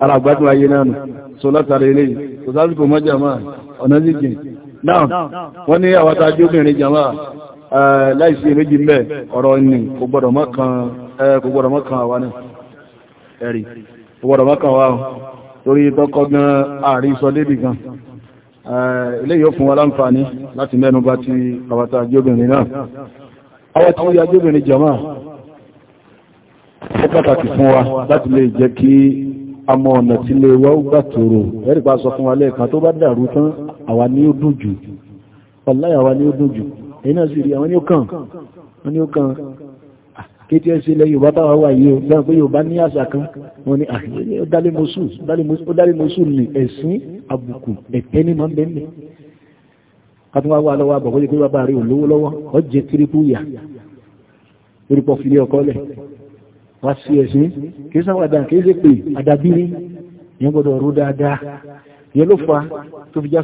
ara gbádùn ayé náà nù sọ látara ilé yìí kò sásìkò mọ́ jàmá ọ̀nà jíjìn náà wọ́n ní àwọn tajú jàmá láìsí méjì mẹ́ ọ̀rọ̀ ni kò gbọ́dọ̀ mọ́ kan wa torí tọ́kọ gan àrí sọ débì gan Eh, eléyìí ó fún wa láǹfààní láti mẹ́nu bá ti àwàtà ajóbìnrin náà àwọn tí ó yà ajóbìnrin jama ó pàtàkì fún wa láti lè jẹ́ kí a mọ ọ̀nà tí lè wá ó gbà tòrò ẹ̀rì pa sọ fún wa lẹ́ẹ̀kan tó bá dàrú tán àwa ni ó dùn jù ọláyà wa ó dùn jù kéte ẹsẹ ilẹ̀ yorùbá táwọn wà yìí o lẹ́yìn pé yorùbá ní àṣà kan wọn ni ó dálé mosù ní ẹ̀sìn àbùkù ẹ̀tẹ́ ní máa ń bẹ́ẹ̀ kátó wá wà lọ́wọ́ àbọ̀kọ́ yìí pé bàbá rẹ̀ ò lówó lọ́wọ́ ọ jẹ́ tírípù yà fa tó fi já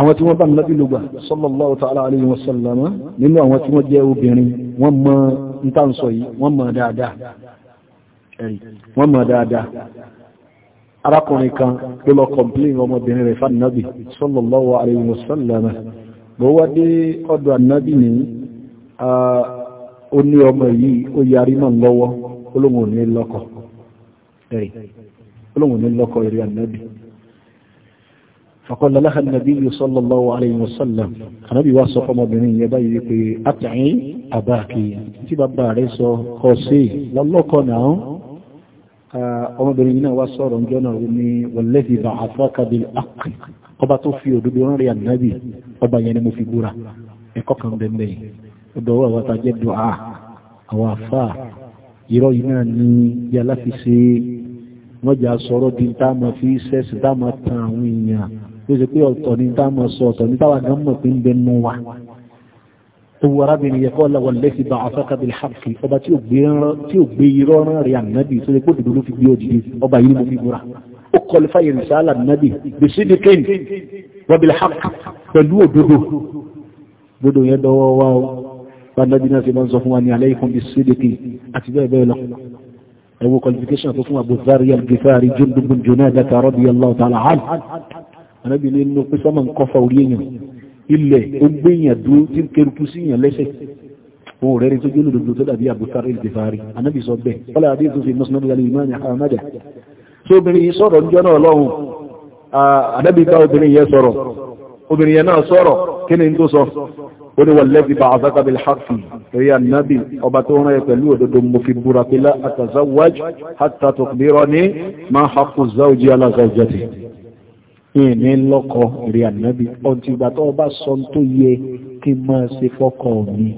àwọn tí wọ́n bá nàbí lògbà sallallahu ta'ala alayhi wa sallama nínú àwọn tí wọ́n jẹ́ obìnrin wọ́n mọ̀ ntànsọ yìí wọ́n mọ̀ dáadáa wọ́n mọ̀ dáadáa arákùnrin kan ló lọ kọ̀mplín ọmọbìnrin rẹ̀ fánàbí sallallahu alayhi wa sallama bó wá dé ọ̀dọ̀ فقال لها النبي صلى الله عليه وسلم النبي واسق مبنين يبايك أطعي أباك تبا باريس خوسي والله كنا ọmọbìnrin náà wá sọ̀rọ̀ ń jọ́nà òun ni wọ̀lẹ́fì bá àfọ́kàbí àkì ọba tó fi òdodo rán rí ànábì ọba yẹn ni mo fi búra ẹ̀kọ́ kan bẹ́ẹ̀ ọdọ̀ owó àwọn àtàjẹ́ dùn á àwọn àfà irọ́ yìí náà ni yálà fi ṣe wọ́n jà sọ̀rọ̀ di táàmù fi ṣẹ́sì táàmù tan àwọn èèyàn tó ṣe pé ọ̀tọ̀ ní tá a mọ̀ sọ ọ̀tọ̀ ní táwa gan mọ̀ pé ń bẹ nù wa owó arábìnrin yẹn kọ́ lọ́wọ́ lẹ́sìn bá afẹ́kà bíi hàkì ọba tí ò gbé irọ́ rán rí ànábì tó ṣe pé òdòdó ló fi gbé òdìdí ọba yìí mo fi búra ó kọlu fáyẹ̀ rìsáàlà ànábì bèsì ní kéènì wọ́n bíi hàkì pẹ̀lú òdodo òdodo yẹn dọ́wọ́ wá o bá náà ṣe máa ń sọ fún wa ní alẹ́ ìkún bíi sídìkì àti bẹ́ẹ̀ bẹ́ẹ̀ lọ ẹ̀wọ̀ qualification tó fún Abu Dharr al-Ghifari jundubun junada anábìlẹ̀ inú pé sọ́mọ̀ nǹkan fa orí èèyàn ilẹ̀ ó gbé èèyàn dúró tí ń kẹrùkú sí èèyàn lẹ́sẹ̀ òun rẹ̀ rí tó jẹ́ olódodo tó dàbí àbúkárì ìdìfàárì anábì sọ bẹ́ẹ̀ wọ́n láti tó fi mọ́sán lórí ìmọ̀ àyàká ọmọdé tí obìnrin yìí sọ̀rọ̀ níjọ́ náà lọ́hùn anábì bá obìnrin yẹn sọ̀rọ̀ obìnrin yẹn náà sọ̀rọ̀ kí ni tó sọ ó ní wàlẹ́bí bá àzákàbí hafi rí anábì ọba tó rán ẹ pẹ̀lú òdodo mo fi búra pé lá àtàzáwáj hátà tó kìlírọ ní máa hapù záwájì alázáwájì ìní lọ́kọ rí ànábì ọdún ìgbà tó bá sọ tó yẹ kí máa ṣe fọ́kọ mi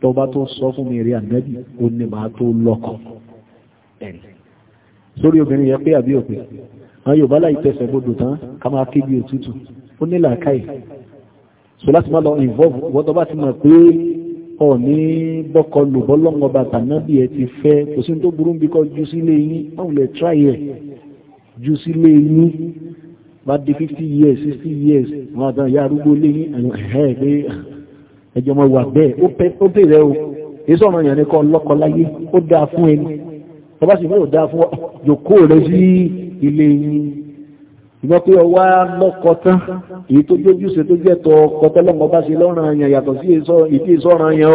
tó bá tó sọ fún mi rí ànábì ó ní máa tó lọ́kọ ẹ̀rí sórí obìnrin yẹ pé àbí òpè àwọn Yorùbá láì tẹsẹ̀ gbọdọ̀ tán ká máa ké bí òtútù ó ní làákàyè so láti má lọ involve wọ́n tó bá ti mọ̀ pé ọ̀ ní bọ́kọ lùbọ́ lọ́ngọ bàtà náà bí ẹ ti fẹ́ kò sí ní tó burú bí kò ju sílé yín báwo lè try ẹ̀ ju sílé yín bá di fifty years sixty years wọn àtàn ìyá arúgbó lé ní ẹ̀ pé ẹjọ́ mọ̀ wà bẹ́ẹ̀ ó pè rẹ o èyí sọ̀rọ̀ yẹn ni kọ́ lọ́kọ láyé ó dáa fún ẹni ọba sì fẹ́ràn dáa fún ọ jòkó rẹ sí ilé yín ìgbọ́n pé ọwá lọ́kọ tán èyí tó jójúṣe tó jẹ́ tọ ọkọ tẹ́lọ́mọ bá ṣe lọ́ràn yẹn yàtọ̀ sí ìdí ìsọ̀ràn yẹn o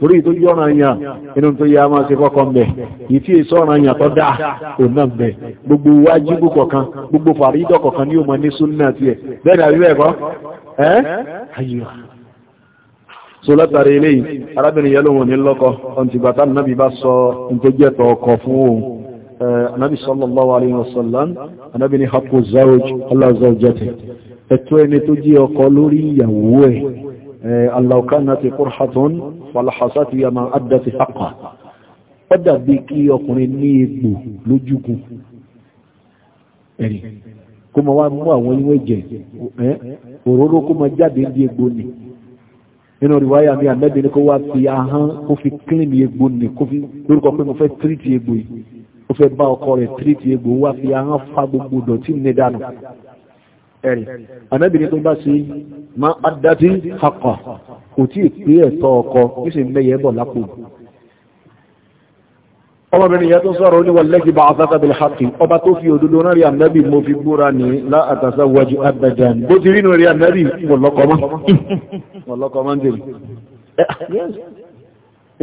torí tó yọ́ra yàn inú tó yá máa ṣe kọ́kọ́ ń bẹ̀ ìtí èso ọ̀rọ̀ yàn tó dáa òun náà bẹ̀ gbogbo wájíbù kọ̀kan gbogbo fàrídọ̀ kọ̀kan ní òmò ní súnnà tiẹ̀ bẹ́ẹ̀ ni àríwẹ̀ ẹ̀kọ́ ẹ́ ayọ̀ so látàrí eléyìí arábìnrin yẹn lòun ò ní lọ́kọ ọ̀ǹtìgbàtà nàbì bá sọ ntọ́jẹ́tọ̀ ọkọ fún òun anabi sallallahu alayhi wa sallam anabi ni haqqu ẹ̀tọ́ ẹni tó jí ọkọ lórí ìyàwó ẹ̀ aláwọ̀ká náà ti kúrò hàtún falahasati ya ma adati haqa ó dàbí kí ọkùnrin ní egbò lójúkun ẹ̀rì kó ma wá mú àwọn inú ẹ̀jẹ̀ òróró kó ma jáde bí egbò ni nínú ìwáyà mi àmẹ́bí ni kó wá fi ahán kó fi kílìmì egbò ni kó fi lórúkọ pé mo fẹ́ tírìtì egbò yìí ó fẹ́ bá ọkọ rẹ̀ tírìtì egbò wá fi ahán fa gbogbo dọ̀tí ní dànù ẹ̀rì anábìnrin tó bá sí ma adati haqqa kò tí ì pé ẹ̀tọ́ ọkọ kí sì mẹ́yẹ bọ̀ lápò ọmọbìnrin yẹn tó sọ̀rọ̀ oníwà lẹ́gbẹ̀ẹ́ bá afẹ́fẹ́ bil haqqi ọba tó fi òdodo náà rí anábì mo fi búra ní la atasawwaju abadan bó ti rí nù rí anábì wọ̀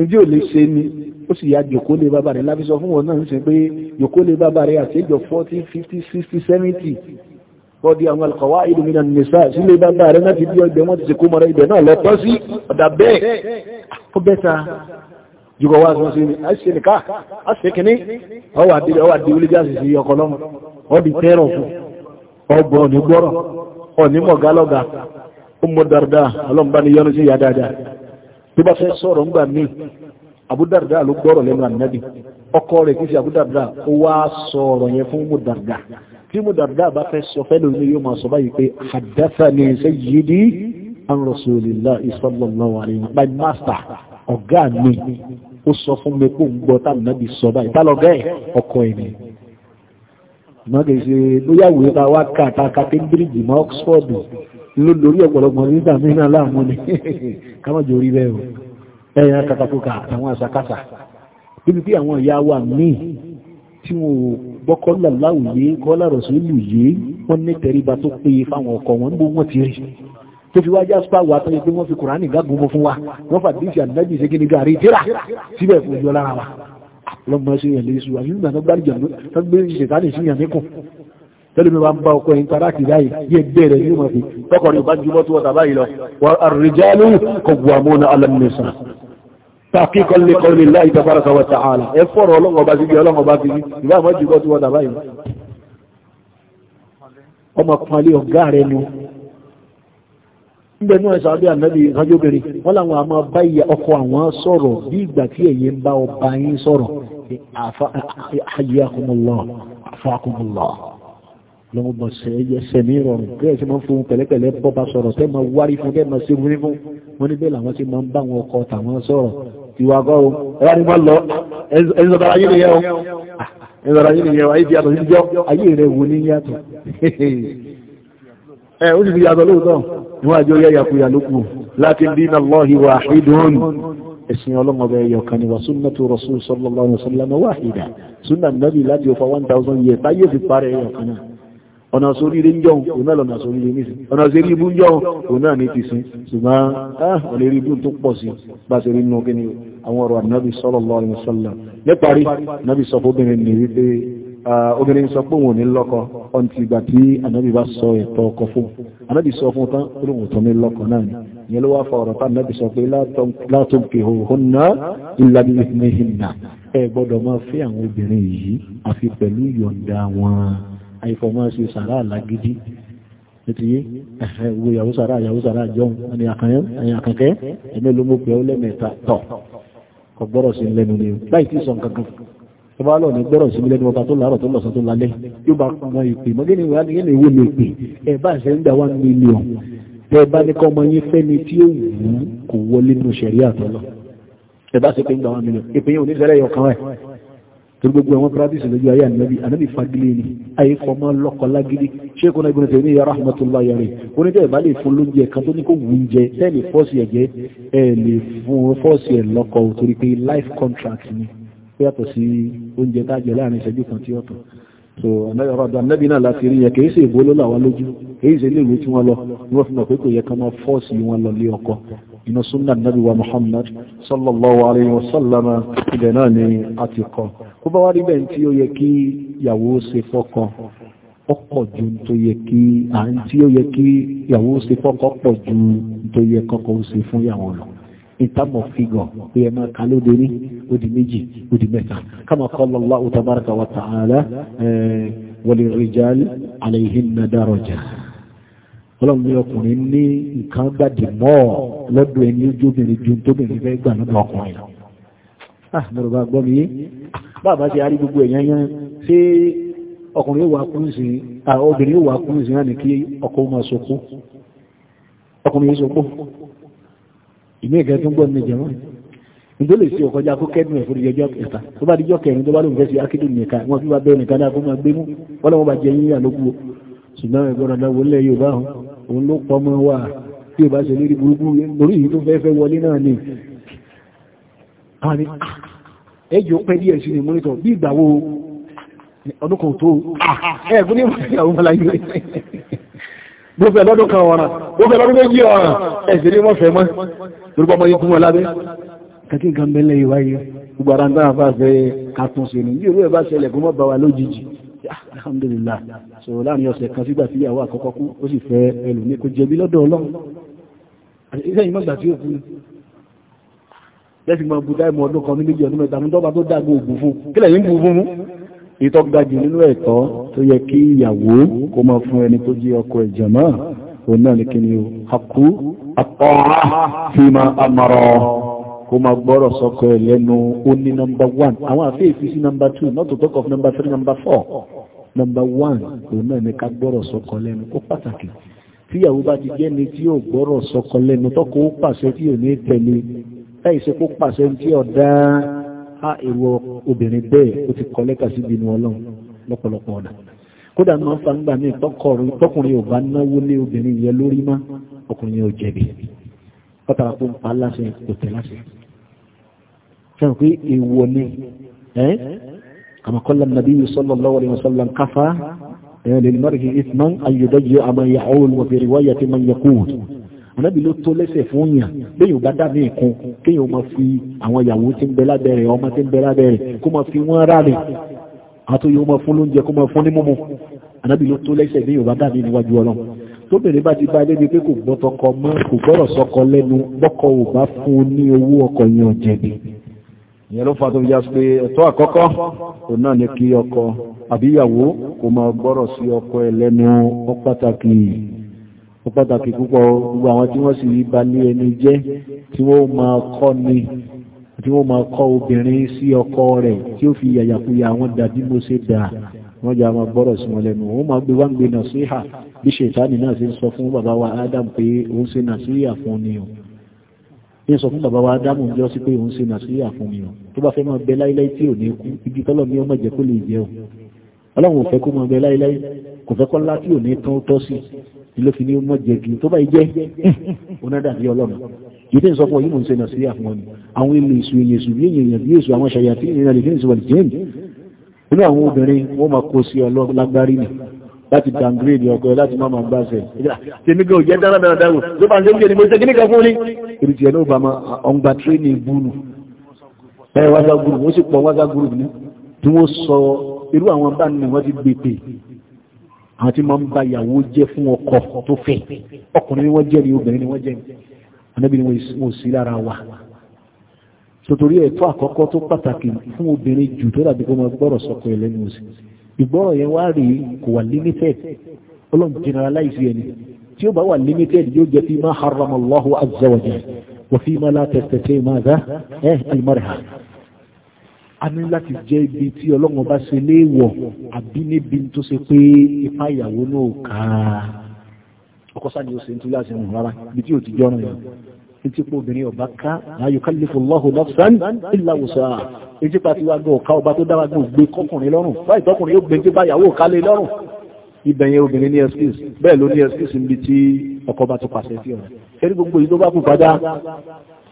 ẹjọ́ lè ṣe ni ó sì ya jòkólé bàbá rẹ̀ lábísọ fún wọn náà ń ṣe pé jòkólé bàbá rẹ̀ àtẹ́jọ 40 50 60 70 bọ́dí àwọn alkọ̀wá ìlú mìíràn nìsá sílé bàbá rẹ̀ láti bí ọgbẹ̀ wọ́n ti kó mọ́ra ibẹ̀ náà lọ́tọ́ sí ọ̀dà bẹ́ẹ̀ ó bẹ́ta jùgọ̀ wá sọ sí ni a ṣe nìká a ṣe kìíní ọwà di olíjà sì sí di tẹ́rọ̀ fún ni yọnu sí ìyá dáadáa bí bá fẹ́ sọ̀rọ̀ ńgbà míì àbúdàrdà ló gbọ́rọ̀ lẹ́nu ànábì ọkọ rẹ̀ kí sí àbúdàrdà ó wá sọ̀rọ̀ yẹn fún mọ̀dàrdà tí mo dàbdà bá fẹ́ sọ fẹ́ lórí yóò máa sọ báyìí pé haddathani sayyidi an rasulillah sallallahu alayhi wa sallam my master ọ̀gá mi ó sọ fún mi kó ń gbọ́ táwọn náà bí sọ báyìí tálọ́ bẹ́ẹ̀ ọkọ ẹ̀ ni mọ́gẹ̀ ṣe lóyàwó ẹ̀yà kàtàkùkà àtàwọn àṣàkáṣà bíbi pé àwọn ìyá wa míì tí wọn gbọ́kọ́lá láwùyé kọ́lá rọ̀sùlù yé wọ́n ní tẹríba tó péye fáwọn ọkọ wọn níbo wọ́n ti rí tó fi wájá spa wà tó yẹ pé wọ́n fi kùránì gágun mọ́ fún wa wọ́n fà díṣì àdájì ṣe kíni gàrí tíra síbẹ̀ fún ìjọ lára wa lọ́mọ ṣe yẹn lè ṣù sí yàn tàkíkọ́ lè kọ́ lè láì tàbára sọ̀rọ̀ tààlà ẹ fọ́rọ̀ ọlọ́wọ́ bá sí bí ọlọ́wọ́ bá fi sí ìbá àmọ́ jùlọ tí wọ́n dà báyìí ọmọ pàlẹ́ ọ̀gá rẹ̀ ni níbẹ̀ náà sàbí ànábì ìrànjọ́bìnrin wọ́n láwọn àmọ́ báyìí ọkọ àwọn sọ̀rọ̀ bí ìgbà tí èyí bá ọba yín sọ̀rọ̀ àyàkùnmọ̀lọ́ àfàkùnmọ̀lọ́ tiwa kọ́ o ẹwà ní wọ́n lọ ẹni sọ̀tọ̀ ayé nìyẹn o ẹni sọ̀tọ̀ ayé nìyẹn o ayé ti yàtọ̀ sí jọ ayé rẹ̀ wò ní yàtọ̀ ẹ ó sì fi yàtọ̀ lóòótọ́ níwọ̀n àjọ yẹ yàkuyà lókù láti dín náà lọ́hì wà áhídùn ẹ̀sìn ọlọ́mọbẹ ẹ̀yọ̀kan ni wà súnmọ́ tó rọ̀ sún sọ́lọ́lọ́rùn sọ́lọ́mọ wáhìdà súnmọ́ láti ọfà 1000 yẹ táyé fi parẹ́ ẹ̀yọ̀kan náà ọ̀nà sóríire ń jọun òun náà lọ́nà sóríire ní ìsìn ọ̀nà sí ibú ń jọun òun náà ní ti sin ṣùgbọ́n ah, ọ̀nà ibú tó pọ̀ sí bá ṣe rí nínú kí ni àwọn ọ̀rọ̀ ànábì sallallahu alaihi wasallam níparí ànábì sọ fún obìnrin ní wípé ah, obìnrin sọ pé òun ò ní lọ́kọ ọ̀n ti ìgbà tí ànábì bá sọ ẹ̀tọ́ ọkọ fún ànábì sọ fún tán ó lóun tó ní lọ́kọ náà ni ìyẹn ló wá fa ọ̀rọ̀ tá ànábì sọ pé látọ̀ pè hó náà ìlà ìhìnà ẹ gbọ́dọ̀ máa fẹ́ àwọn obìnrin yìí àfi pẹ̀lú yọ̀ǹda wọn àìfọ̀mọ́sí sàrá àlágídí nítorí ẹ̀fẹ́ wo ìyàwó sàrá ìyàwó sàrá jọun ẹni àkànkẹ́ ẹ̀mẹ́ ló mú pé ó lẹ́mẹ̀ta tọ̀ kọ gbọ́rọ̀ sí lẹ́nu ni láì tí sọ nǹkan ọba lọ ní gbọ́rọ̀ sí lẹ́nu ọba tó láàrọ̀ tó lọ́sàn tó lálẹ́ yóò bá mọ ìpè mọ́ gẹ́ni ìwà nìyẹn ìwé lè pè ẹ bá ṣe ń gbà wá mílíọ̀n tẹ bá ní kọ́ ọmọ yín fẹ́ni tí ó wù ú kò wọlé nù ṣẹ̀rí torí gbogbo àwọn tíradísì lójú ayé ànábì ànábì fagilé ni ayé fọmọ lọkọ lágídí ṣéèkù náà ibùdó tèmi yàrá rahmatullahi rẹ oníjẹ ìbálẹ̀ fún lóúnjẹ kan tó ní kó wù ú jẹ ẹ lè fọ́ọ̀sì ẹ̀jẹ̀ ẹ lè fún fọ́ọ̀sì ẹ̀ lọ́kọ torí pé life contract ni ó yàtọ̀ sí oúnjẹ tá láàrin ìṣẹ́jú kan tí ọ̀tọ̀ so ọ̀dọ̀ ànábì náà láti rí yẹn kì í ṣe ìbóló làwọn lójú kì í ṣe ilé ìwé tí wọ́n lọ ni wọ́n fi mọ̀ pé kò yẹ ká máa fọ́ọ̀sì wọn lọ lé ọkọ inú súnà nàbí wa muhammad sallallahu alayhi wa sallam ibẹ̀ náà ni a ti kọ́ bó bá wá rí bẹ́ẹ̀ tí ó yẹ kí ìyàwó ṣe fọ́kọ ọ̀pọ̀ ju tó yẹ kí à ń tí ó yẹ kí ìyàwó ṣe fọ́kọ pọ̀ ju tó yẹ kọ́kọ́ ó ṣe fún ìyàwó lọ ìtàmọ̀ fígọ̀ pé ẹ máa káló délé ó di méjì ó di mẹ́ta kama qala Allahu tabaraka wa ta'ala walirrijal alayhinna daraja ọlọ́run ní ọkùnrin ní nǹkan gbàdé lọ́dọ̀ ẹni ojú obìnrin ju tóbìnrin fẹ́ gbà lọ́dọ̀ ọkùnrin lọ Ah, bá gbọ́ mi yé bàbá ti arí gbogbo èèyàn yán ṣé ọkùnrin yóò wá kún sí obìnrin yóò wá kún sí náà ní kí ọkọ máa sọkú ọkùnrin yóò sọkú ìmí ìgẹ́ tó ń gbọ́ ní ìjẹun nítorí lè ṣe ọkọjá kó kẹ́dùn ẹ̀fọ́ ìjẹjọ́ kẹta tó bá díjọ́ kẹrin tó bá lóun àwọn ni ah, ẹjọ́ pẹ́ díẹ̀ sí ni mọ́nítọ̀ bí ìgbàwó ọdún kan tó ah, ẹ̀gbọ́n ní ìyàwó mọ́lá yìí bó fẹ́ lọ́dún kan ọ̀ràn bó fẹ́ lọ́dún méjì ọ̀ràn ẹ̀sẹ̀ ní wọ́n fẹ́ mọ́ lórúkọ ọmọ yìí fún wọn lábẹ́ kàkí nǹkan bẹ́lẹ̀ ìwá yìí gbogbo ara ń dára bá fẹ́ kàtún sí ni bí irú ẹ̀ bá ṣẹlẹ̀ kó mọ́ bá wa lójijì ah, alhamdulillah so láàrin ọ̀sẹ̀ kan sígbà tí ìyàwó àkọ́kọ́ kú ó sì fẹ́ ẹlòmíì kó jẹbi lọ́dọ̀ ọlọ́run lẹ́sìn máa bu táìmù ọdún kan ní méjì ọdún mẹ́ta fún tọ́ba tó dàgbò ògùn fún kílẹ̀ yín bu fún ìtọ́ ga jù nínú ẹ̀tọ́ tó yẹ kí ìyàwó kó máa fún ẹni tó jẹ́ ọkọ ẹ̀jẹ̀ náà òun náà ní kíni o àkú àtọ́ra fi máa amọ̀rọ̀ kó máa gbọ́rọ̀ sọ́kọ ẹ̀ lẹ́nu ó ní nọmba one àwọn àfẹ́ ìfi sí nọmba two not to talk of nọmba three nọmba four nọmba one òun náà ní ká gbọ́rọ̀ sọ́kọ lẹ́nu ó pàtàkì tíyàwó bá ti jẹ́ni tí yóò gbọ́rọ̀ sọ́kọ lẹ́nu tọ́kọ ó pàṣẹ tí yóò ní tẹ̀lé láì ṣe kó pàṣẹ tí ọ̀dá á èrò obìnrin bẹ́ẹ̀ ó ti kọ́ lẹ́kà sí ìbínú ọlọ́run lọ́pọ̀lọpọ̀ ọ̀nà kódà máa ń fa ńgbà míì tọkùnrin ò bá náwó lé obìnrin yẹn lórí má ọkùnrin yẹn ò jẹ̀bi pátá kó ń pa láṣẹ kò tẹ̀ láṣẹ. fẹ́ràn pé èèwọ̀ ni àmọ́kọ́lá nàbí sallallahu alaihi ànábì ló tó lẹ́sẹ̀ fún yàn léyìn bá dá míì kun kéèyàn máa fi àwọn ìyàwó tí ń bẹ lábẹ́ rẹ̀ ọmọ tí ń bẹ lábẹ́ rẹ̀ kó máa fi wọ́n rà rẹ̀ àti yóò fún lóúnjẹ kó máa fún ní mímu ànábì ló tó lẹ́sẹ̀ léyìn bá dá míì níwájú ọlọ́run tóbìnrin bá ti bá ilé ni pé kò gbọ́ tọkọ mọ́ kò gbọ́rọ̀ sọkọ lẹ́nu bọ́kọ ò bá fún ní owó ọkọ yẹn ọ̀jẹ̀bi ìyẹn ló fa tó fi já sí pé ẹ̀tọ́ àkọ́kọ́ òun náà ni kí ọkọ àbíyàwó kò máa gbọ́rọ̀ sí ọkọ ẹ̀ lẹ́nu ó pàtàkì ó pàtàkì púpọ̀ gbogbo àwọn tí wọ́n sì rí balẹ̀ ẹni jẹ́ tí wọ́n máa kọ́ ni tí wọ́n máa kọ́ obìnrin sí ọkọ rẹ̀ tí ó fi yàyàkuyà àwọn dà bí mo ṣe dà wọ́n jẹ́ àwọn gbọ́rọ̀ sí wọn lẹ́nu wọ́n máa gbé wá ń gbé nàṣíhà bí ṣètánì náà ṣe ń sọ fún bàbá wa Adam pé òun ṣe nàṣíhà fún ni o ní sọ fún bàbá wa Adam ń jọ sí pé òun ṣe nàṣíhà fún mi o tó bá fẹ́ máa bẹ láíláí tí ò ní kú igi tọ́lọ̀ ní ọmọ ìjẹ́ lè jẹ́ o Ọlọ́run ò fẹ́ kó máa bẹ láíláí kò fẹ́ kọ́ ńlá tí ò ní tán tọ́ sí ló fi ní mọ́ jẹ̀bi tó bá jẹ́ onádàbí ọlọ́run yìí tẹ́ ń sọ fún ọyún mò ń ṣe nà sí àfún ọ̀nà àwọn èlò èṣù èyàn èṣù bí èyàn bí èṣù àwọn ṣàyà tí ìrìnà lè fi ń sọ wọ̀lì jẹ́mi inú àwọn obìnrin wọ́n máa kó sí ọlọ́run lágbárí nì láti downgrade ọkọ láti má máa gbáṣẹ tèmi gan òjẹ dára dára dáwò ló bá ń sẹ́yìn ní mo ṣe kíníkà fún ní èrìtì ẹ̀ náà bá máa ọ̀ngbà tírénì búnù ẹ wáṣá gúrùpù ó sì pọ̀ wáṣá gúrùpù ní tí wọ́n àwọn tí máa ń ba ìyàwó jẹ́ fún ọkọ tó fẹ́ ọkùnrin ni wọ́n jẹ́ ni obìnrin ni wọ́n jẹ́ anábì ni wọ́n sí lára wa tòtòrí ẹ̀tọ́ àkọ́kọ́ tó pàtàkì fún obìnrin jù tó dàbí kó máa gbọ́rọ̀ sọ́kọ ẹ̀ lẹ́nu òsì ìgbọ́rọ̀ yẹn wá rí kò wà a ní láti jẹ́ ibi tí ọlọ́run bá ṣe léèwọ̀ àbí níbi tó ṣe pé ipá ìyàwó náà ká ọkọ sáà ni ó ṣe ń tú láti rìn rárá ibi tí ò ti jọ́rùn yẹn etí pé obìnrin ọba ká la yukallifu Allahu nafsan illa wus'aha etí pa ti wá gan ọ̀ka ọba tó dára gan gbé kọkùnrin lọ́rùn báyìí tọkùnrin yóò gbé tí bá ìyàwó ká lé lọ́rùn ibẹ̀ yẹn obìnrin ní excuse bẹ́ẹ̀ ló ní excuse níbi tí ọkọ bá ti pàṣẹ sí ọ̀rẹ́ ẹni gbogbo yìí tó bá kù padà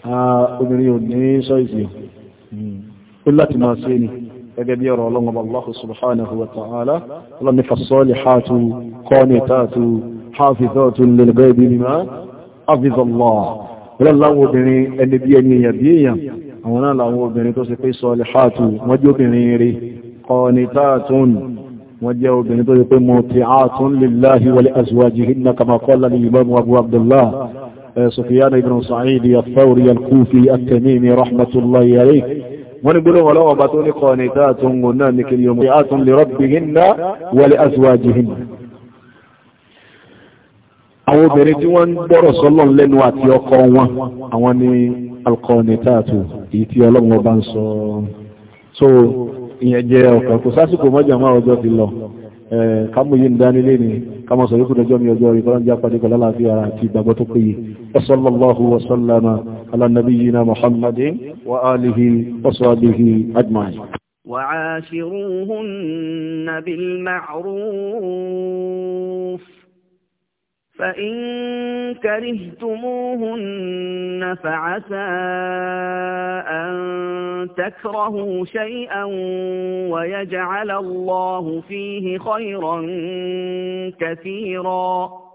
ah, obìnrin ò ní sọ́ọ̀sì ó láti máa ṣe ni gẹ́gẹ́ bí ọ̀rọ̀ ọlọ́run Allah subhanahu wa ta'ala ọlọ́ni fassalihatu qanitatu hafizatun lil ghaibi bima hafizallah ọlọ́run láwọn obìnrin ẹni bí ẹni èèyàn bí èèyàn àwọn náà láwọn obìnrin tó ṣe pé salihatu wọ́n jẹ́ obìnrin rí qanitatun wọ́n jẹ́ obìnrin tó ṣe pé muti'atun lillahi wa li azwajihinna kama qala al-imam Abu Abdullah Sufyan ibn Sa'id al-Thawri al-Kufi at-Tamimi rahmatullahi alayhi wọ́n ní gbọ́dọ̀ wọn lọ́wọ́ bá tó ní kọ́ ní ìta tó ń gùn náà ní kiri omi àtún lè rọ́bì hinna wọlé aṣíwájú hinna àwọn obìnrin tí wọ́n ń gbọ́rọ̀ sọ́lọ́n lẹ́nu àti ọkọ wọn àwọn ni alkọ́ni táàtù èyí tí ọlọ́run ọba ń sọ so ìyẹn jẹ́ ọkọ̀ kò sásìkò mọ́jà máa ọjọ́ ti lọ kama sọ yókù dọjọ́ mi ọjọ́ ìkọ́lá ń jápa díkọ̀ lálàáfíà àti ìgbàgbọ́ tó péye wasallallahu wasallama ala nabiyyina muhammadin wa alihi wa sahbihi ajma'in وعاشروهن بالمعروف فإن كرهتموهن فعسى أن تكرهوا شيئا ويجعل الله فيه خيرا كثيرا